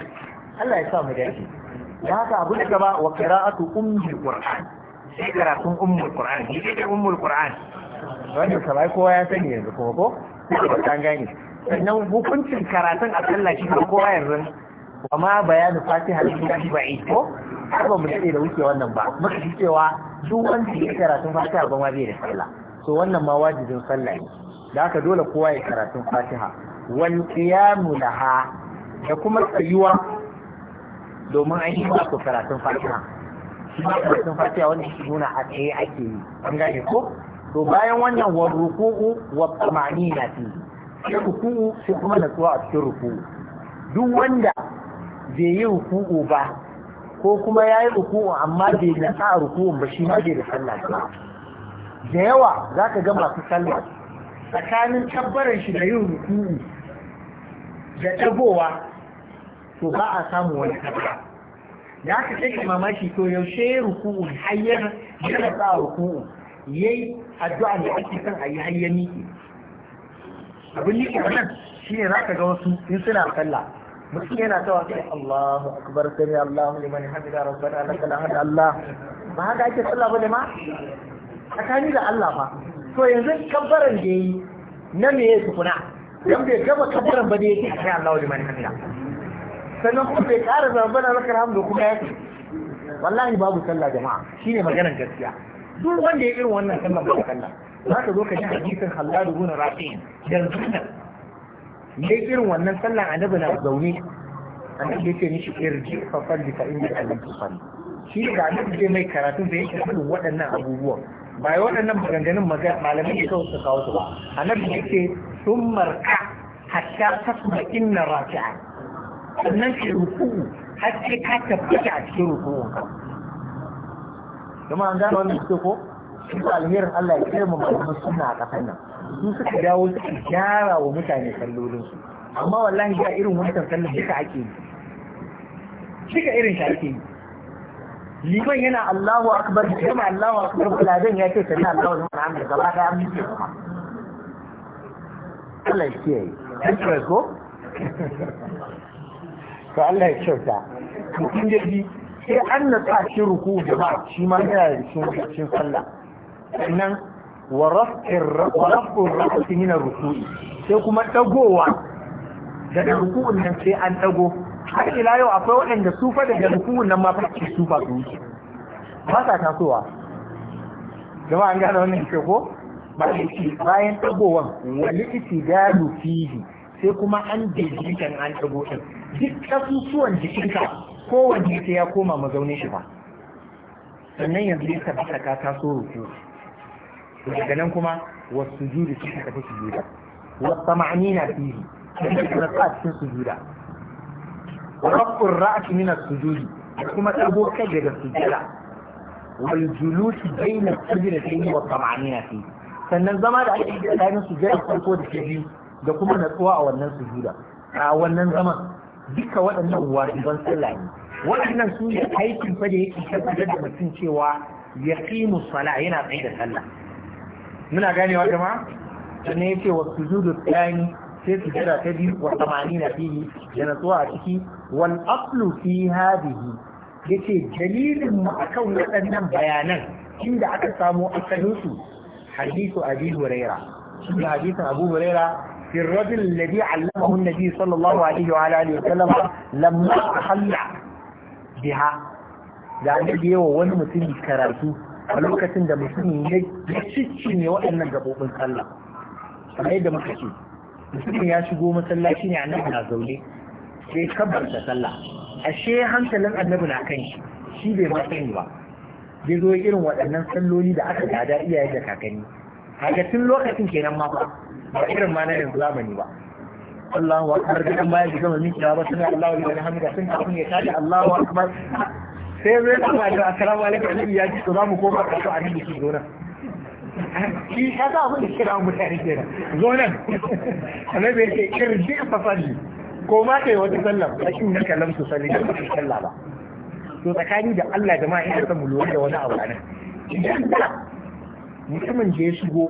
Allah ya sa mu dace da haka abu da gaba wa qira'atu ummul qur'an sai karatun ummul qur'an ni dai ummul qur'an wanda kamar kowa ya sani yanzu ko ko ba kan gani. sannan hukuncin karatun a sallah shi kowa yanzu wa ma bayanu fatiha da shi ba eh, ko ba mu dade da wuce wannan ba muka ji cewa duk wanda ya karatun fatiha ba ma bai da sallah so wannan ma wajibin sallah ne da haka dole kowa ya karatun fatiha wal qiyamu laha da kuma tsayuwa domin an yi ku karatun fatiha shi ma karatun fatiha wanda shi nuna a tsaye ake yi an gane ko to bayan wannan wa ruku'u wa tsamani na fi sai ruku'u sai kuma natsuwa a cikin ruku'u duk wanda bai yi ruku'u ba ko kuma ya yi ruku'u amma bai na a ruku'un ba shi ma bai da sallah ba da yawa za ka ga masu sallah tsakanin tabbaran shi da yin ruku'u da tabowa to ba a samu wani kaza da aka sai mamaki to yaushe ruku'u hayyar yana sa ruku'u yayi addu'a da ake san ayi yi hayyar miki abin niki wannan shine zaka ga wasu in suna sallah mutum yana tawa sai Allahu akbar sai Allahu liman hamida rabbana lakal hamd Allah ba haka ake sallah ba ne ma tsakani da Allah fa to yanzu kabbaran da yayi na me ya tukuna dan bai gaba kabbaran ba da yake sai Allahu liman hamida sannan kuma bai ƙara rabbana lakal hamdu kuma ya wallahi babu sallah jama'a shine maganar gaskiya duk wanda ya irin wannan sallah ba sallah za ka zo ka ji hadisin Khallad ibn Rafi yanzu nan yayi irin wannan sallah annabi na zaune annabi yake shi irji fa salli fa inna alim fari. shi da annabi zai mai karatu zai yi irin waɗannan abubuwan ba ya waɗannan maganganun malamai da kawai su kawo su ba annabi yake sun marka hatta tasma inna raki'a sannan ke ruku har sai ka tabbata a cikin ruku kuma an gano wannan suke ko shi alherin Allah ya kira mu malaman suna a ƙasar nan su suka dawo su gyara wa mutane su, amma wallahi ga irin wannan kallon duka ake yi duka irin shi ake yi liman yana Allahu akbar jama'a Allahu akbar fuladan ya ce sami Allahu wa hamdu gaba da an miƙe kuma Allah ya ce ai ko to Allah ya kyauta to ya da bi sai an na sa shi ruku jama'a shi ma yana da shi cikin sallah sannan wa raf'ir wa raf'ur ra'si min sai kuma dagowa daga ruku'un nan sai an dago har ila yau akwai waɗanda su fa daga ruku'un nan ma fa su ba su ba sa tasowa jama'a an gane wannan ke ko shi bayan dagowan wani isi gado fihi sai kuma an jirgin an dago shi duk ƙasusuwan jikinka kowanne sai ya koma mazaunin shi ba sannan yanzu ya tabbata ta taso ruku daga nan kuma wasu juri su tafi su juda wasu ma'ani na fiye da su a cikin su juda wakkun ra'ashi mina su juri kuma ɗago kai daga su juda su juda bayna yi wasu ma'ani na fiye sannan zama da ake yi su sujudi farko da ke biyu da kuma natsuwa a wannan su juda a wannan zaman duka waɗannan wajiban sallah ne waɗannan su ne aikin fa da yake tabbatar da mutum cewa ya qimu yana tsaye da sallah muna ganewa jama'a sannan yace wa sujudu tsani sai jira ta biyu wa tamanina fihi da natsuwa a ciki wal aslu fi hadhihi yace dalilin mu akan waɗannan bayanan inda aka samo asalinsu hadisu abi huraira shi hadisin abu huraira في الرجل الذي علمه النبي صلى الله عليه وعلى اله وسلم لما تخلع بها da annabi yawa wani mutum karatu a lokacin da mutum ya cici waɗannan gaɓoɓin sallah kamar yadda muka ce mutumin ya shigo masallaci ne annabi na zaune sai kabbarta sallah ashe hankalin annabi na kan shi shi bai ma sani ba zai zo irin waɗannan salloli da aka gada iyaye da kakanni kaga tun lokacin kenan ma ba irin ma na yanzu zamani ba Allahu akbar gidan bayan da gama mikiya ba suna Allahu liman hamida sun kafin ya tada Allahu akbar sai zai kama da assalamu alaikum annabi ya ci to za mu koma ka to annabi ki zo nan shi ka ga abin da kira mutane kenan zo nan annabi ya ce irji fa salli ko ma kai wata sallah lakin naka lam su salli da sallah ba to tsakani da Allah da ma san mu lura da wani abu nan mutumin da ya shigo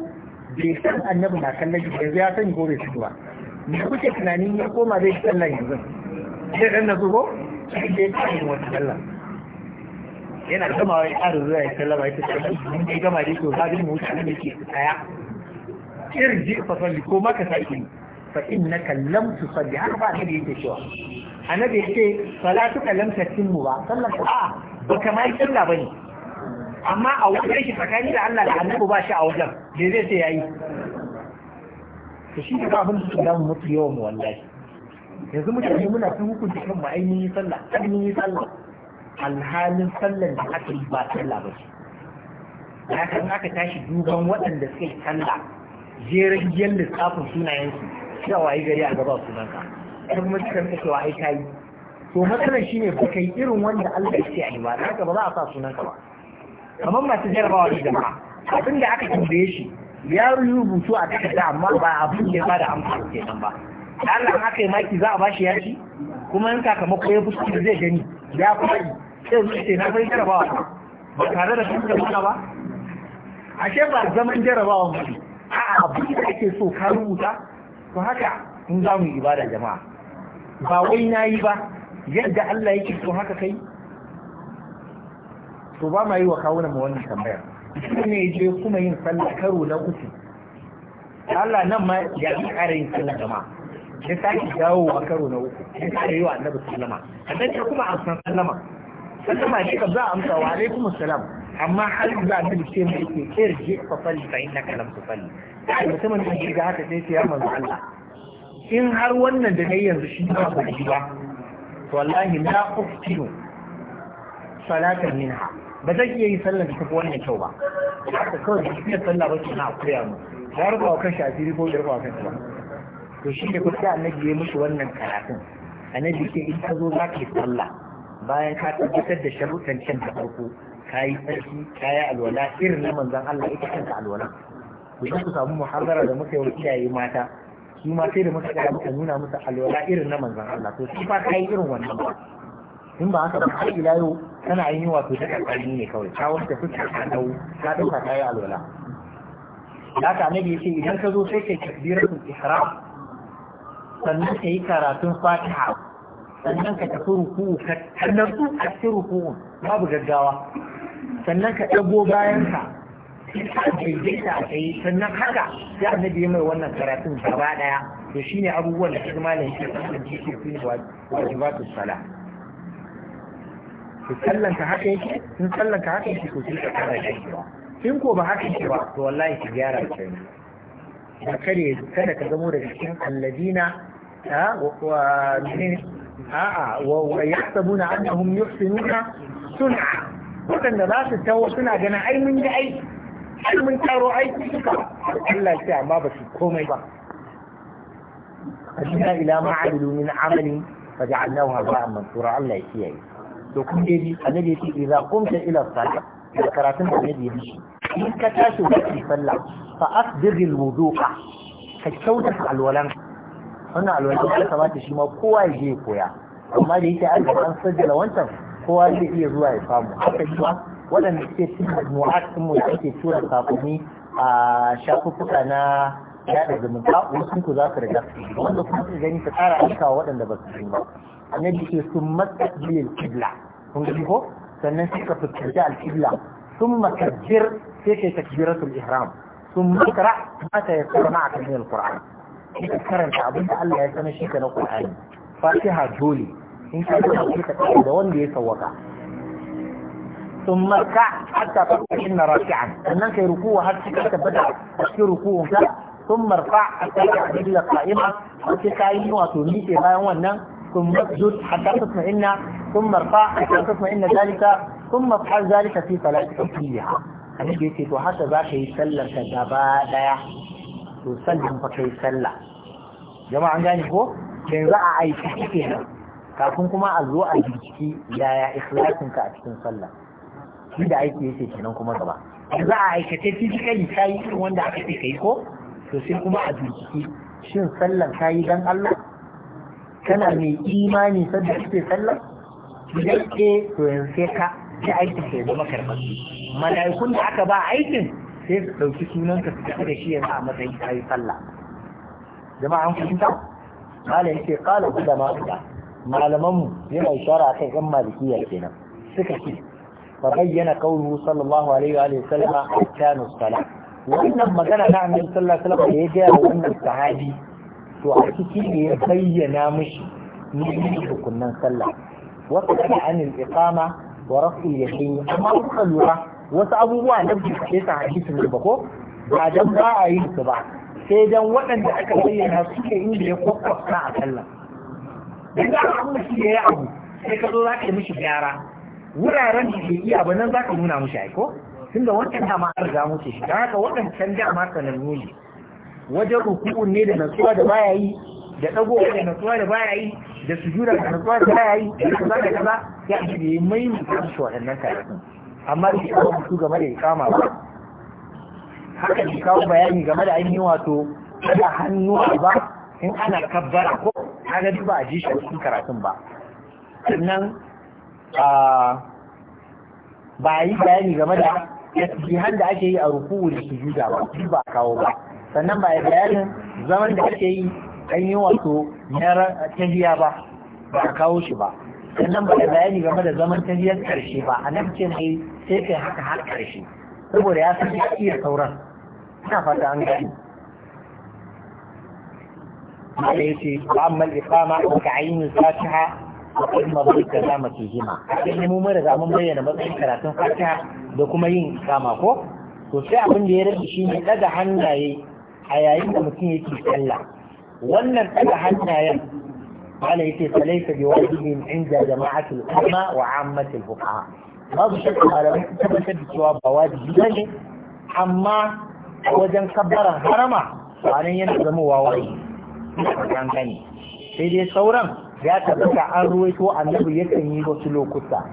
bai san annabi na kallon shi yanzu ya san gobe shi ba Na kuke tunanin ya koma zai sallah yanzu sai dan na zuwa sai ke kai wata sallah yana gama ya ƙara zuwa ya ba, ya tafi mun dai gama dai to za mu wuce ne ke tsaya irji fa salli ko ma ka saki fa innaka lam tusalli har ba da yake cewa annabi yake salatuka cin mu ba sallan a ah, ba kamar ba bane amma a wajen shi tsakani da Allah da annabi ba shi a wajen da zai sai yayi to shi ne abin da suka damu mutu yawan wallahi yanzu mutane muna ta hukunta kan mu ainihin sallah ainihin sallah alhalin sallar da aka yi ba sallah ba ce ya kan aka tashi duban waɗanda suka yi sallah jerin yan lissafin sunayensu sai a wayi gari a gaba sunanka kan mun kan kake wa ai kai to matsalar shine ba kai irin wanda Allah ya ce a yi ba haka ba za a sa sunanka ba kamar masu jarabawa da jama'a abin da aka tambaye shi ya rubutu a takarda amma ba abin da ya bada amsa nan ba Allah haka yi maki za a bashi yaki kuma yin sakamako ya fuski da zai gani ya fadi sai zuwa ce na fari jarabawa ba tare da kuma jama'a ba ashe ba zaman jarabawa ba a abin da ake so ka rubuta to haka in za mu yi ibada jama'a ba wai na yi ba yadda Allah yake so haka kai to ba ma yi wa kawunan mu wannan tambayar shi ne je kuma yin sallah karo na uku Allah nan ma ya yi ƙara yin sallah jama'a ya sake dawo a karo na uku ya sake yi wa annabi sallama annabi kuma an san sallama sallama ne ka za a amsa wa alaikum salam'. amma har za a nabi ce mu yake irji fa falli fa innaka lam tusalli sai mutumin da ya ga haka sai ta ya zuwa Allah in har wannan da nayi yanzu shi ba ba ji ba wallahi la uftiru salatan minha ba zan iya yi sallar da tafi wannan kyau ba haka kawai da tafiyar sallah ba ke na koya mu ya rufa wa kanshi asiri ko ya rufa wa kanshi ba to shi ne kusa annabi ya musu wannan karatun annabi ke in ka zo za ka yi sallah bayan ka tabbatar da sharuɗan can da farko ka yi tsarki ka yi alwala irin na manzan Allah ita kanta alwala ku ku samu muhazara da muka yi iyaye mata su ma sai da muka ga muka nuna musu alwala irin na manzan Allah to shi fa ka yi irin wannan ba in ba haka ba har ila yau kana ainihin wato daga karkari ne kawai ka wanke fuska a dau ka dauka ta yi alwala da haka annabi yace idan ka zo sai ka kai takbiratul ihram sannan ka yi karatun fatiha sannan ka tafi ruku'u ka tarnasu a cikin ruku'un babu gaggawa sannan ka ɗago bayanka ka daidaita a tsaye sannan haka sai annabi ya mai wannan karatun gaba daya to shine abubuwan da kuma ne ke kasance ke fi wajibatus salah تتكلم كحقيقي تتكلم كحقيقي في كحقيقي فينكو بحقيقي بقى والله تجارة بشيء بكري كده كدمور الذين ها و ها و... و... ويحسبون انهم يحسنون صنعا وكان ده بس تو صنع جنا اي من ده اي من كارو اي الا الساعة ما بس كومي بقى أجينا إلى ما عملوا من عمل فجعلناه هباء منصورا الله يسيئ to kun dai ji annabi ya ce idza qumta ila salat da karatun da annabi ya yi in ka tashi wani sallah fa asbiril wudu'a ka kyautata alwalan wannan alwalan ya kamata shi ma kowa ya je koya amma da yake an an sajjala wancan kowa zai iya zuwa ya samu haka shi waɗanda suke cikin mu'at mu da ake tura sakonni a shafuffuka na yaɗa zumunta wasu ku za su riga wanda kuma su gani su ƙara aika waɗanda ba su yi ba annabi ce sun matsaji al-qibla kun gani ko sannan sai ka fuskanci al-qibla sun makabbir sai kai takbiratul ihram sun makara ma ta yi sarma a kan al-qur'an sai ka karanta abin da Allah ya sanar shi ka na qur'ani fatiha dole in ka yi ka da wanda ya sawwaka ثم اركع حتى تكون رافعا ان انت ركوع هل تكتب بدا تكون ركوع sun marfa a kai a jirgin ƙa'ima wace kayi wato nike bayan wannan sun masjud hatta tasma inna sun marfa hatta tasma inna zalika sun mafhar zalika fi salatika kulliha annabi yace to haka za ka yi sallar ka gaba daya to sannan fa kai sallah jama'a an gane ko yanzu a aiki nan kafin kuma a zo a jiki yaya ikhlasin ka a cikin sallah shi da aiki yake kenan kuma gaba za a aikace physically kai wanda aka ce kai ko to sai kuma a binciki shin sallar ta yi don Allah kana mai imani sadda kake sallar idan ke eh, to yanzu sai ka ta aikin ka ya zama karɓarsu mala'ikun da aka ba aikin sai su ɗauki sunanka su tafi da shi yanzu a matsayin ta yi sallah jama'a an fahimta malam yake kala da ma'uda malamanmu yana ishara kan yan malikiya kenan suka ce fa bayyana qawluhu sallallahu alaihi wa sallama ahkanu salat wannan magana na annabi sallallahu alaihi wasallam da ya gaya wannan sahabi to a ciki ne ya bayyana mishi ni ne hukunnan sallah wasu kana anil iqama wa raf'il yaqin amma kuka lura wasu abubuwa da ba su sa hadisin ba ko ba dan ba a yin su ba sai dan waɗanda aka bayyana suke inda ya kokkosta a sallah dan da shi mishi yayi abu sai ka zo za ka yi mishi gyara wuraren da ke iya ba nan za ka nuna mishi ai ko tun da wancan dama an riga muke shi da haka waɗancan dama sanannu ne wajen rukun ne da natsuwa da baya yi da ɗago da natsuwa da baya yi da sujuda da natsuwa da baya yi da kaza da kaza ya ji da mu maimaita shi waɗannan karatun amma da shi su game da ikama ba haka ne kawo bayani game da ainihin wato kada hannu ba in ana kabbara ko ana ba a ji shi cikin karatun ba sannan ah, ba a yi bayani game da jihar da ake yi a ruku da sujuda ba ba kawo ba sannan ba bayanin zaman da ake yi an yi wato ta tahiya ba ba a kawo shi ba sannan ba bayani game da zaman tahiyar karshe ba a nan ce ne sai kai haka har karshe saboda ya san ya sauran ina fata an gani Allah ya ce ba amma ikama iqama wa ka'ayyin fatiha وقد مضيت كلامة جمع يعني مو مرغا mun bayyana matsayin karatun fatiha da kuma yin kama ko to sai abin da ya rage shi ne daga hannaye a yayin da mutum yake sallah wannan daga hannayen wala yake salaita bi wajibin inda jama'atul umma wa ammatul fuqaha babu shakka malamai sun tabbatar da cewa ba wajibi ne? amma wajen kabbaran harama ba nan yana zama wawaye an gane sai dai sauran ya tabbata an ruwaito annabi yakan yi wasu lokuta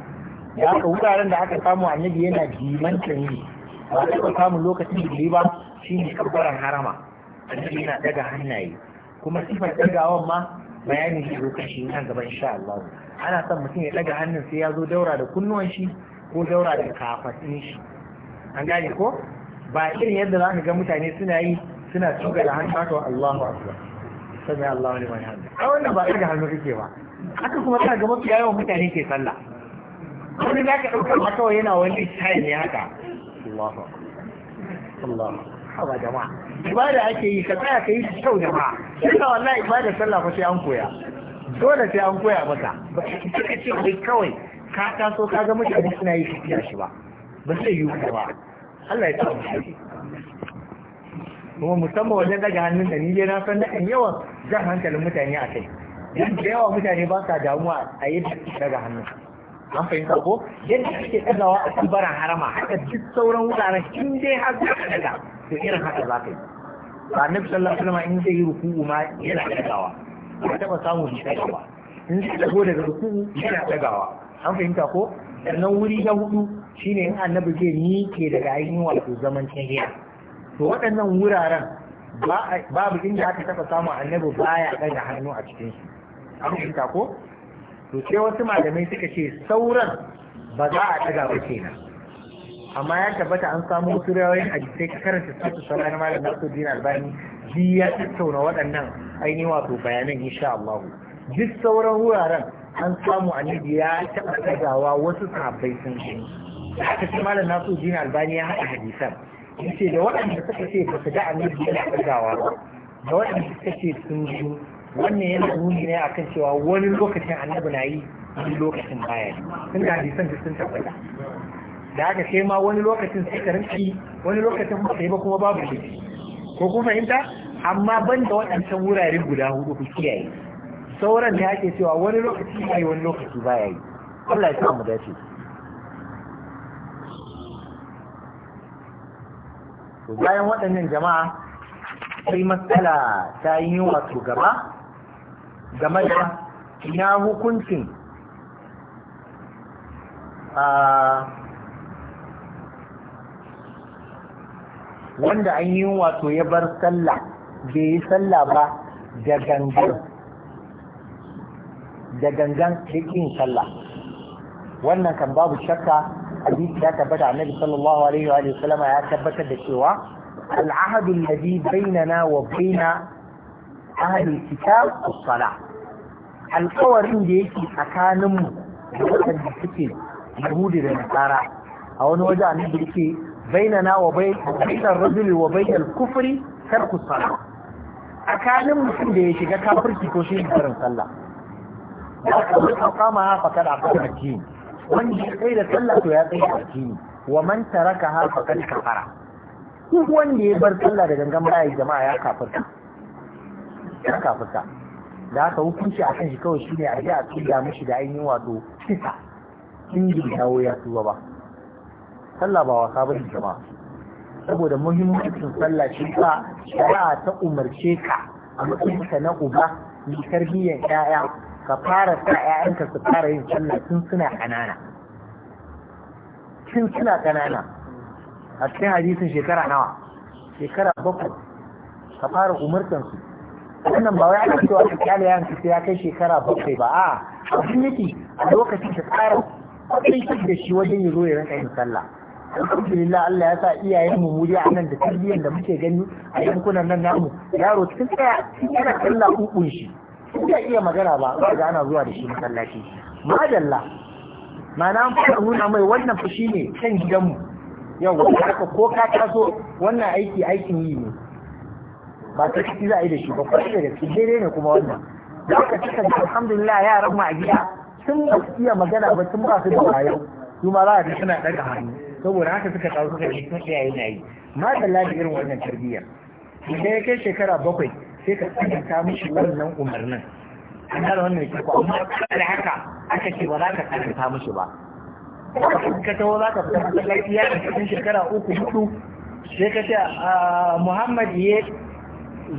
ya ka wuraren da aka samu annabi yana jimantan yi ba taɓa samun lokacin da ba shi ne kabbaran harama annabi yana daga hannaye kuma sifar dagawan ma bayanin shi lokaci na gaba insha Allah ana son mutum ya daga hannun sai ya zo daura da kunnuwan shi ko daura da kafatin shi an gane ko ba irin yadda za ka ga mutane suna yi suna tuga da hannu haka Allahu akbar sabbi Allahu liman hamd a wannan ba ga hannu kake ba haka kuma ta ga mafi yawan mutane ke sallah wani za ka ɗauka ma kawai yana wani shayi ne haka Allahu Allah haba jama'a ibada ake yi ka tsaya ka yi kyau jama'a yana wallahi ibada sallah fa sai an koya dole sai an koya ta, ba ka ce kai kawai ka taso ka ga mutane suna yi shi ba ba zai yi ba Allah ya tsaya mu kuma musamman wajen daga hannun da ni dai na san na kan yawan jan hankalin mutane a kai duk da yawa mutane ba sa damuwa a yadda daga hannun an fahimta ko yadda ake ɗagawa a kubaran harama haka duk sauran wuraren in dai har za ka ɗaga to irin haka za ka yi ba annabi sallallahu alaihi wasallam in zai yi ruku'u ma yana ɗagawa ba taɓa samu shi ɗagawa in zai ɗago daga ruku'u yana ɗagawa an fahimta ko sannan wuri na hudu shine in annabi zai miƙe daga ainihin wato zaman tahiya to waɗannan wuraren babu inda aka taɓa samun annabi baya ɗaga hannu a cikin su an fita ko to ce wasu malamai suka ce sauran ba za a ɗaga ba kenan amma ya tabbata an samu wasu rayoyin a jisai ka karanta sassu sauran malam na sojin albani ji ya tattauna waɗannan ainihin wato bayanan insha Allah duk sauran wuraren an samu annabi ya taɓa ɗagawa wasu sahabbai sun gani haka ce malam na sojin albani ya haɗa hadisan yace da waɗanda suka ce ba su ga annabi yana ɗagawa ba da waɗanda suka ce sun ji wannan yana nuni ne akan cewa wani lokacin annabi na yi wani lokacin baya ne, sun da hadisan da sun tabbata da haka sai ma wani lokacin sai ka rinki wani lokacin ba sai ba kuma babu shi ko kun fahimta amma ban da waɗancan wurare guda hudu ku kiyaye sauran da ake cewa wani lokaci ya yi wani lokaci baya yi Allah ya sa mu dace to bayan waɗannan jama'a sai matsala ta yi wato gaba game da ina hukuncin wanda an yi wato ya bar sallah bai yi sallah ba da gangan da gangan cikin sallah wannan kan babu shakka hadisi ya tabbata annabi sallallahu alaihi wa sallama ya tabbatar da cewa al'ahadu alladhi bainana wa baina ahli kitab as-salah alƙawarin da yake tsakanin mu da waɗanda suke yahudi da nasara a wani waje annabi yake bainana wa bainar rajuli wa bainar kufri tarku salah tsakanin mutum da ya shiga kafirci ko shi barin sallah kama a wanda ya kai da sallah to ya kai da addini wa man taraka ha faqad kafara duk wanda ya bar sallah da gangan baya jama'a ya kafirta ya kafirta da haka hukunci a kan shi kawai shine a ji a tsira mishi da ainihin wato kisa in bi dawo ya tuba ba sallah ba wasa bane jama'a saboda muhimmancin sallah shi ka shari'a ta umarce ka a matsayin ka na uba ni tarbiyyar 'ya'ya ka fara sa ƴaƴanka su fara yin sallah tun suna ƙanana tun suna ƙanana a cikin hadisin shekara nawa shekara bakwai ka fara umurtan su wannan ba wai ana cewa ka kyale yaran su ya kai shekara bakwai ba a abin yake a lokacin ka ƙara shi da shi wajen ya zo ya rinka yin sallah alhamdulillah Allah ya sa iyayen mu muri a nan da tarbiyyar da muke gani a yankunan nan namu yaro tun tsaya yana kalla hukun shi in iya magana ba ba da ana zuwa da shi masallaci madalla mana an fara nuna mai wannan fushi ne kan gidanmu yau haka ko ka taso wannan aiki aikin yi ne ba ta ciki za a yi da shi ba kwarai da gaske daidai ne kuma wannan da aka cika da alhamdulillah yaran mu a gida sun ba su iya magana ba sun ba su da bayan su ma za a ji suna daga hannu saboda haka suka taso suka yi sun iyaye na yi madalla da irin wannan tarbiyyar idan ya kai shekara bakwai sai ka tsananta mishi wannan umarnin an tara wannan ke ko amma kada haka aka ce ba za ka tsananta mishi ba ka taho za ka fita masallaci ya cikin shekara uku hudu sai ka ce ah, Muhammad ya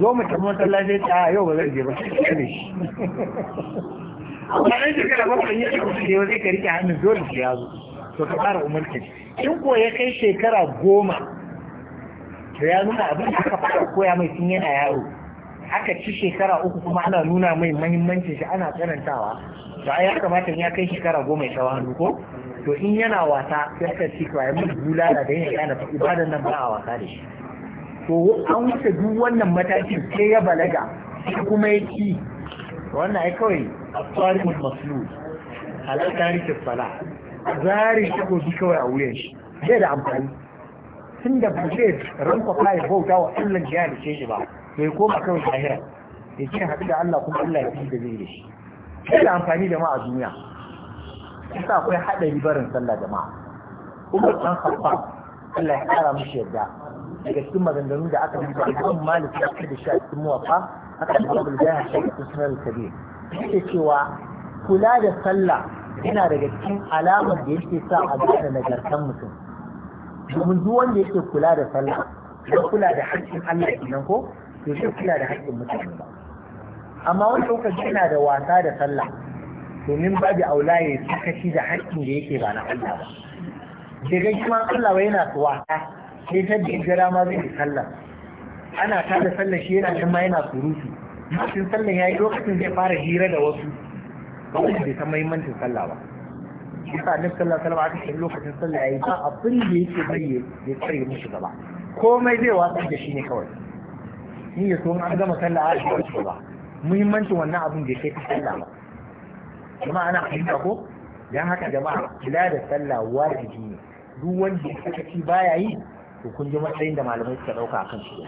zo mu tafi masallaci a ah, yau ba zai je ba sai ne amma in shekara bakwai ya ce ku je zai ka rike hannun dole ya zo to ka fara umarci in ko ya kai shekara goma to ya nuna abin da ka fara koya mai tun yana yaro aka ci shekara uku kuma ana nuna mai mahimmanci shi ana tsanantawa to ai ya kamata ya kai shekara goma ya shawa hannu ko to in yana wasa sai aka ci ya mun bulala da yin yana ibadan nan ba a wasa da shi to an wuce duk wannan matakin sai ya balaga sai kuma ya ci wannan ai kawai tsarin maslul halar tarihin sala zarin kawai a wuyan shi zai da amfani tun da ba bauta wa Allah da halice ba to ya koma kan zahira ya ce haɗu da Allah kuma Allah ya fi da zai da shi kai da amfani da ma'a a duniya Kusa akwai haɗari barin sallah da ma'a umar ɗan khattab Allah ya ƙara mishi yadda daga cikin maganganun da aka yi da Imam Malik ta fi da shi a cikin muwaffa aka da Abu Jahal shi cikin sunan ya yake cewa kula da sallah yana daga cikin alamar da yake sa a gane nagartan mutum domin duk wanda yake kula da sallah ya kula da haƙƙin Allah kenan ko to shi kula da haƙƙin mutane ba amma wani lokaci yana da wasa da sallah domin bi aula ya kashi da haƙƙin da yake ba na Allah ba da ga kuma Allah ba yana wasa sai ta da gara ma zai sallah ana ta da sallah shi yana kuma yana surutu lokacin sallah yayi lokacin zai fara hira da wasu ba wanda bai san muhimmancin sallah ba yasa annabi sallallahu alaihi wasallam aka lokacin sallah yayi ba abin da yake bari ya tsare mishi gaba komai zai watsar da shi ne kawai ni ya so an gama sallah a shi ba muhimmancin wannan abin da kai sallah ba jama'a ana fahimta ko dan haka jama'a kula da sallah wajibi ne duk wanda ya saka ci baya yi to kun ji matsayin da malamai suka dauka akan shi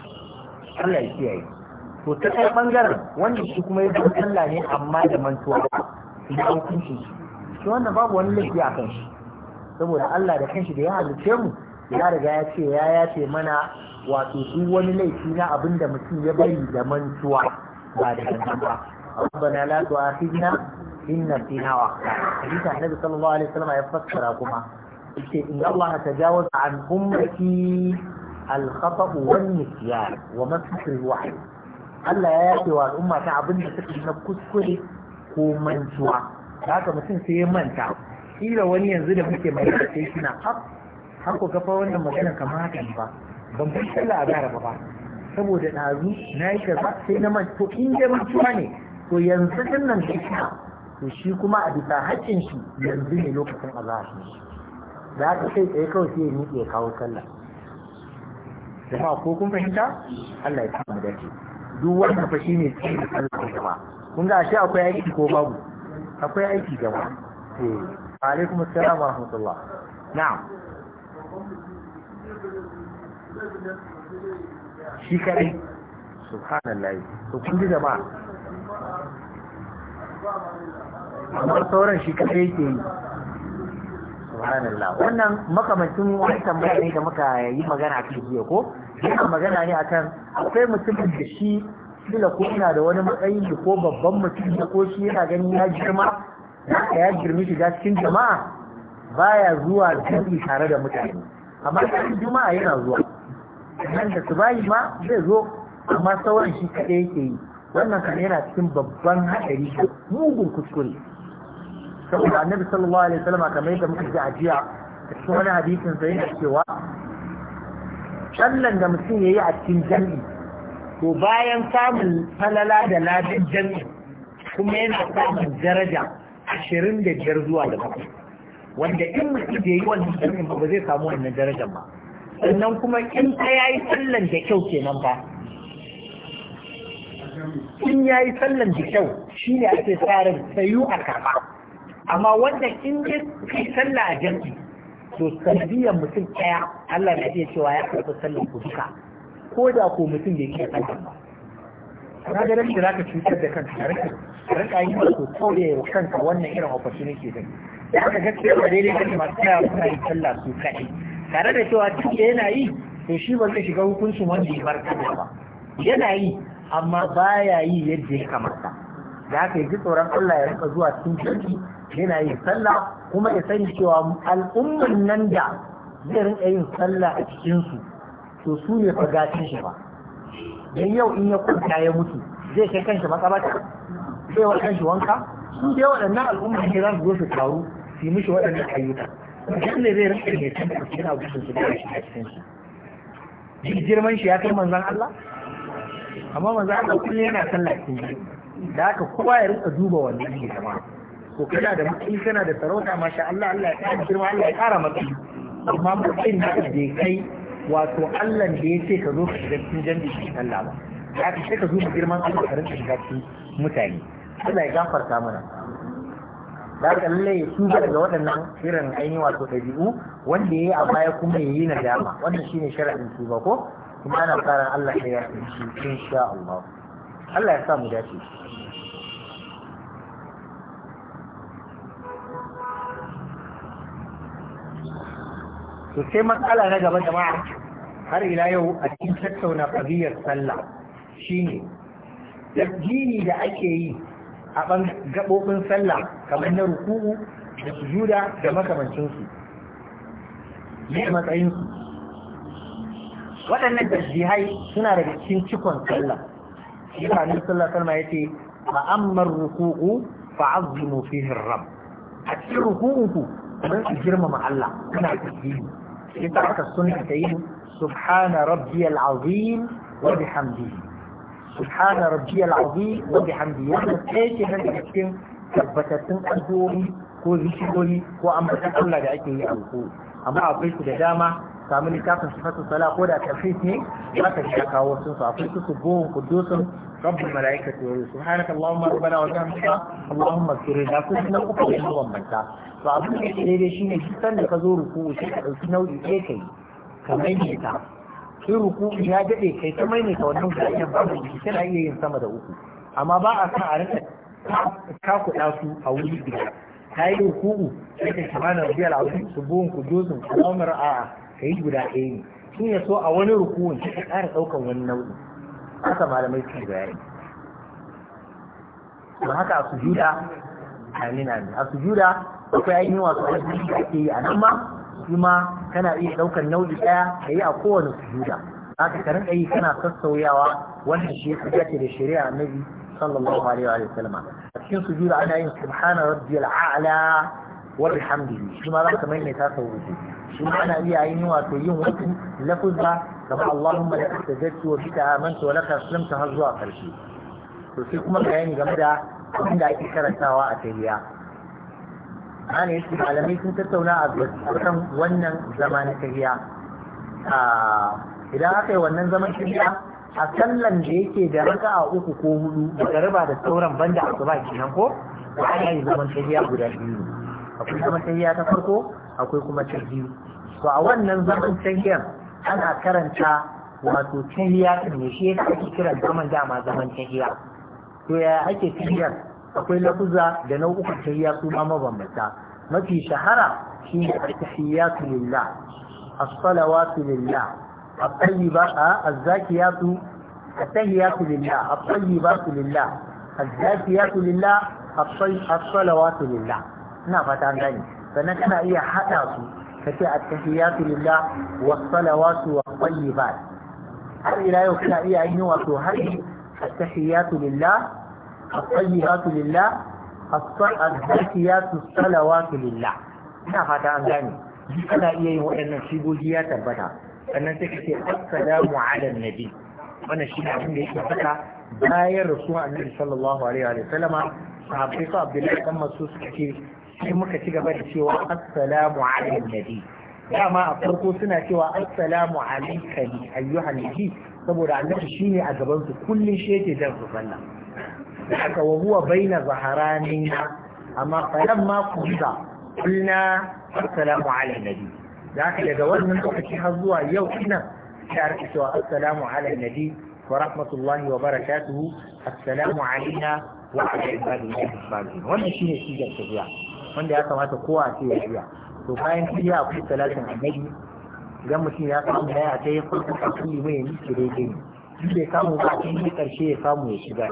Allah ya kiyaye to ta kai bangaren wanda shi kuma ya zama sallah ne amma da mantuwa da hukuncin shi shi wannan babu wani laifi a kan shi saboda Allah da kanshi da ya halice mu ya riga ya ce ya yace mana wato duk wani laifi na abin da mutum ya bari da mantuwa ba da gangan ba rabbana la tu'akhidna in nasina wa hadisi annabi sallallahu alaihi wasallam ya fassara kuma yace in Allah tajawaza an ummati al-khata wa nisyan wa masakir wahid Allah ya yafe wa al'umma ta abin da suka na kuskure ko mantuwa haka mutum sai ya manta kila wani yanzu da muke mai sai suna haf har ku ga fa wannan magana kamar haka ba ban fi sallah a gara ba saboda ɗazu na yi kaza sai na man to in dai mantuwa ne to yanzu din nan shi to shi kuma a bisa haƙƙin shi yanzu ne lokacin azahar Za ka sai tsaye kawai sai ya miƙe ya kawo sallah jama'a ko kun fahimta Allah ya kama mu dace. duk wannan fa shine tsaye da sallah jama'a kun ga shi akwai aiki ko babu akwai aiki jama'a eh alaikum assalam wa rahmatullah na'am shi hannun layi, to kun ji jama'a amma sauran shi kare yake yi subhanallah wannan makamancin wani tambaya ne da muka yi magana a jiya ko yana magana ne akan akwai mutumin da shi kila ko ina da wani matsayi ko babban mutum da ko shi yana ganin ya girma ya girmi shiga cikin jama'a baya zuwa jami'i tare da mutane amma cikin juma'a yana zuwa nan da su bayi ma zai zo amma sauran shi kaɗai yake yi wannan kan yana cikin babban haɗari mugun kuskure saboda annabi sallallahu alaihi wasallam kamar yadda muka ji a jiya cikin wani hadisin sai yana cewa sallan da mutum yayi a cikin jami'i to bayan samun falala da ladin jami'i kuma yana samun daraja ashirin da biyar zuwa da bakwai wanda in mutum da yi wannan jami'in ba zai samu wannan darajar ba sannan kuma in ta ya yi sallan da kyau kenan ba in ya yi sallan da kyau shi ne ake tsarin sayu a kama amma wanda in ya fi sallah a jam'i to sanadiyar mutum ɗaya Allah na iya cewa ya karɓi sallan ku duka ko da ko mutum da ke sallan ba na ga rashin za ka cutar da kanka a rikin rinka yi masu tsaure wa kanka wannan irin opportunity din ya aka gaskiya ba daidai kan masu kaya suna yin sallah su kaɗai tare da cewa duk da yana yi to shi ba zai shiga hukuncin wanda ya bar kada ba yana yi amma baya yi yadda ya kamata da haka yaji tsoron Allah ya rika zuwa cikin jirgi yana yin sallah kuma ya sani cewa al'umman nan da zai rinka yin sallah a su to su ne fa gashin shi ba dan yau in ya kwanta ya mutu zai kai kanshi matsabata zai wa kanshi wanka su dai waɗannan al'ummar ne za su zo su taru su yi mishi waɗannan ayyuka dan zai rinka ne tun da kina gudun su da shi a cikin su duk girman shi ya kai manzon Allah amma manzon Allah kullum yana sallah cikin da haka kowa ya rinka duba wanda ne jama'a ko kana da mutum kana da sarauta masha Allah Allah ya kara girma Allah ya kara maka amma mutum da bai kai wato Allah da ya ce ka zo ka shiga cikin jami'i Allah ba ya ka ce ka zo girman Allah ka rinka shiga cikin mutane Allah ya gafarta mana da aka lallai ya tuba daga waɗannan irin ainihin wato ɗabi'u wanda ya yi a baya kuma ya yi na dama wannan shine sharaɗin tuba ko kuma ana tsarin Allah ya yafi shi insha Allah Allah ya sa mu dace to sai matsala na gaba jama'a har ila yau a cikin tattauna fadiyar sallah shine tasbihi da ake yi a gaɓoɓin sallah kamar na ruku'u da sujuda da makamancinsu ne matsayinsu waɗannan tasbihai suna daga cikin cikon sallah shi ka nan sallah salma ya ce fa'ammar ruku'u fa'azzimu fihi rabb a cikin ruku'unku don su girmama Allah kuna tasbihi shi ta aka sunna ta yi subhana rabbiyal azim wa bihamdihi subhana rabbiyal azim wa bihamdihi wannan ɗaya ke nan cikin tabbatattun addu'o'i ko zikirori ko ambatan Allah da ake yi a ruku amma akwai su da dama samu littafin sifatu sala ko da tafi ne za ka shiga kawo sun su akwai su subuhun kudusun rabbul malaikati wa subhanaka allahumma rabbana wa bihamdika allahumma ighfir da ko na kuka ne ruwan banta to abin da ke daidai shi ne duk da ka zo ruku shi ka ɗauki nau'i ɗaya kai ka ta shi ruku ya dade kai ta maimaita wannan bayanin babu kana iya yin sama da uku amma ba a san a rinka cakuɗa su a wuri guda ta yi hukuku sai ka kama na rabiyar abu su buwan ku dozin alamar a ka yi guda ɗaya ne sun ya so a wani ruku'un sai ka ƙara ɗaukan wani nau'i haka malamai su bayani don haka a sujuda amin ne a sujuda akwai ainihin wasu ainihin da ake yi a nan ma shi ma kana iya ɗaukar nau'i ɗaya ka yi a kowane sujuda haka ka rinka yi kana sassauyawa wannan shi ya da shari'a annabi sallallahu alaihi wa sallama a cikin sujuda ana yin subhana rabbiyal a'la wa bihamdihi shi ma za ka maimaita sau uku shi ma ana iya yin wato yin wasu lafuzza kamar Allahumma laka sajadtu wa bika amantu wa laka aslamtu har zuwa karshe to kuma bayani game da abin da ake karantawa a tayyiya ana yi malamai sun tattauna a kan wannan zama na ah, idan aka yi wannan zaman tayyiya a sallan da yake da raka a uku ko hudu daga raba da sauran banda a gaba kenan ko ba a yi zaman tahiya guda biyu akwai zaman tahiya ta farko akwai kuma ta biyu to a wannan zaman tahiyar ana karanta wato tahiya ta ne shi yasa ake kiran zaman dama zaman tahiya to ya ake tahiyar akwai lafuza da nau'ukan tahiya su ma mabambanta mafi shahara shi ne at-tahiyatu lillah as-salawatu lillah الطيبات الزاكيات التهيات لله الطيبات الزاكيات لله الصلوات لله ina fata gani sannan kana iya haɗa su kace at-tahiyatu lillah was salawatu was tayyibat har ila yau kana iya yin wato har at-tahiyatu lillah at-tayyibatu lillah as ina fata an iya yin waɗannan shigogi ya tabbata sannan sai kace assalamu ala nabi wannan shi ne abin da yake faɗa bayan rasuwa annabi sallallahu alaihi wa sallama sahabbai su abdullahi dan masu suka ce sai muka ci gaba da cewa assalamu ala nabi dama a farko suna cewa assalamu alayka li ayyuhan nabi saboda annabi shine a gaban su kullun shi yake jan su sallah haka wa huwa baina zaharani amma falamma kunta qulna assalamu ala nabi da haka daga wannan lokaci har zuwa yau ina ta rike cewa assalamu ala nabi wa rahmatullahi wa barakatuhu assalamu alaina wa ala ibadillahi salihin wannan shine sigar tafiya wanda ya kamata kowa sai ya iya to bayan tafiya akwai salatin annabi idan mutum ya samu da ya ta yi farko a kulli mai yanzu ki daidai ne in bai samu ba a cikin karshe ya samu ya shiga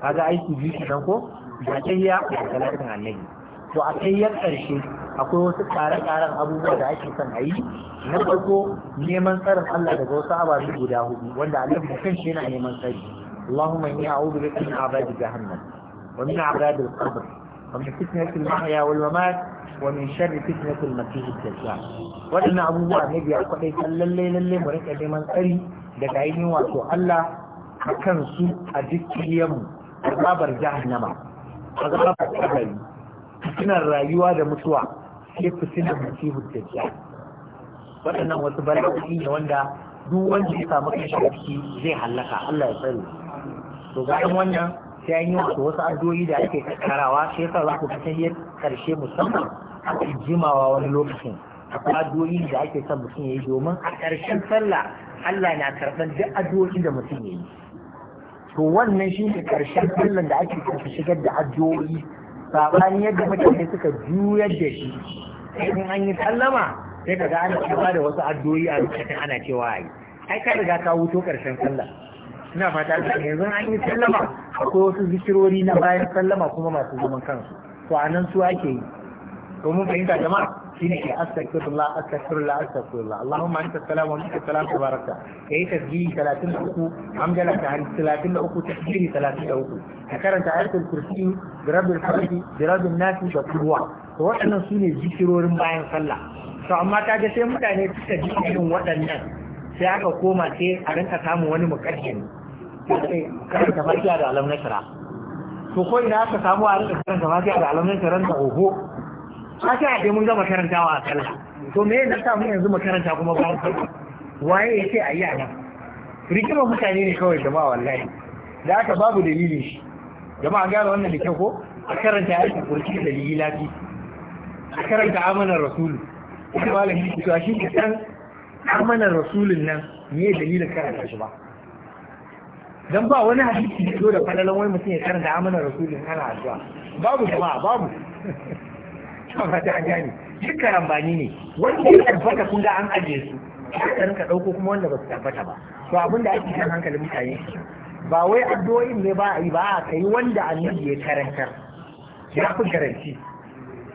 kaga aiki biyu kenan ko ta yi tayya da salatin annabi to a ya karshe akwai wasu tsare-tsaren abubuwa da ake son a yi na farko neman tsarin Allah daga wasu ababe guda hudu wanda annabi kan kanshi yana neman tsari Allahumma inni a'udhu bika min abadi jahannam wa min abadi al-qabr wa min fitnati al-mahya wal mamat wa min sharri fitnati al-masih ad-dajjal wadannan abubuwa ne biya kwadai kan lalle lalle mu rika neman tsari daga ainihin wato Allah akan su a duk dukkiyanmu azabar jahannama azabar kabari suna rayuwa da mutuwa sai fitinar masihu dajjal waɗannan wasu bala'o'i ne wanda duk wanda ya samu kashi a ciki zai hallaka Allah ya tsare to bayan wannan sai an yi wasu wasu addu'o'i da ake karawa shi yasa za ku fitar ƙarshe musamman a jimawa wani lokacin akwai addu'o'i da ake son mutum ya yi domin a ƙarshen sallah Allah na karɓar duk addu'o'i da mutum ya yi to wannan shi ne ƙarshen sallan da ake son shigar da addu'o'i sabani yadda mutane suka juyar da shi in an yi sallama sai ka ga ana cewa da wasu addu'o'i a lokacin ana cewa ai ai ka riga ka wuto karshen sallah ina fata yanzu an yi sallama ko wasu zikirori na bayan sallama kuma masu zaman kansu to anan su ake yi domin fahimta jama'a shine ke astagfirullah astagfirullah astaghfirullah allahumma anta salam wa minka salam tabaraka kai tasbihi 33 hamdala ta 33 tasbihi 33 ka karanta ayatul kursi bi rabbil falaq bi rabbin nas da kulwa to waɗannan sune zikirorin bayan sallah to amma ta ga sai mutane suka ji waɗannan sai aka koma sai a rinka samun wani muƙaddimi karanta fatiha da alam na shara to ko ina aka samu a rinka karanta fatiha da alam shara da oho A haka a mun gama karantawa a sallah to me na sa mu yanzu makaranta kuma ba mu waye yake a yi nan rigimar mutane ne kawai jama'a wallahi da aka babu dalilin shi jama'a gane wannan da kyau ko a karanta ya kurki da lilafi a karanta amanar rasulu ita malam shi to shi ke san amanar rasulun nan me dalilin karanta shi ba dan ba wani hadisi da da falalan wani mutum ya karanta amanar rasulun ana addu'a babu jama'a babu ba fata an gane ne wanda ya tabbata kun ga an ajiye su ka rinka ɗauko kuma wanda ba su tabbata ba to abin da ake kan hankalin mutane ba wai addu'o'in ne ba a yi ba a kai wanda annabi ya karantar ya fi garanti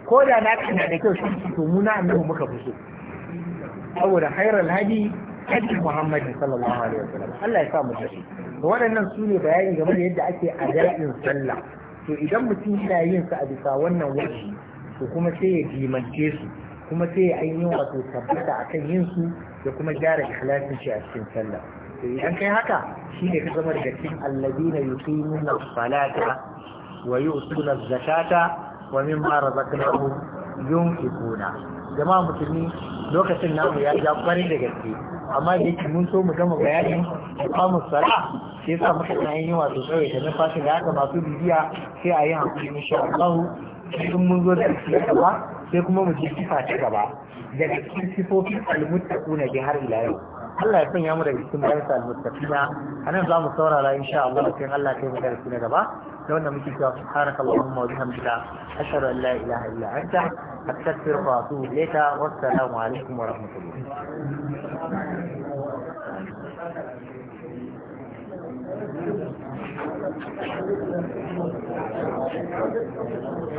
ko da na kana da kyau shi to mu na annabi muka fi so saboda khairal hadi hadi Muhammad sallallahu alaihi wasallam Allah ya sa mu dace waɗannan su ne bayani game da yadda ake adalcin sallah to idan mutum yana yin sa a bisa wannan waje to kuma sai ya jimance su kuma sai ya ainihin wato tabbata a kan yin su da kuma gyara ikhlasin shi a cikin sallah to idan kai haka shi ne ka zama daga cikin alladina yuqimuna salata wa yu'tuna zakata wa mimma razaqnahum yunfiquna jama'a musulmi lokacin namu ya ja kwarai da gaske amma da yake mun so mu gama bayanin iqamus sala sai sa muka yi wato tsawaita na fasin da haka masu bibiya sai a yi hankali insha Allah in mun zo da gaba sai kuma mu ji sifa ta gaba daga cikin sifofin almuttaquna bi har ila yau Allah ya sanya mu daga cikin bayansa almuttaqina anan za mu saurara insha Allah sai Allah ya mu darasi na gaba da wannan muke cewa subhanaka allahumma wa bihamdika ashhadu an la ilaha illa anta astaghfiruka wa atubu ilayka wa assalamu alaikum wa rahmatullah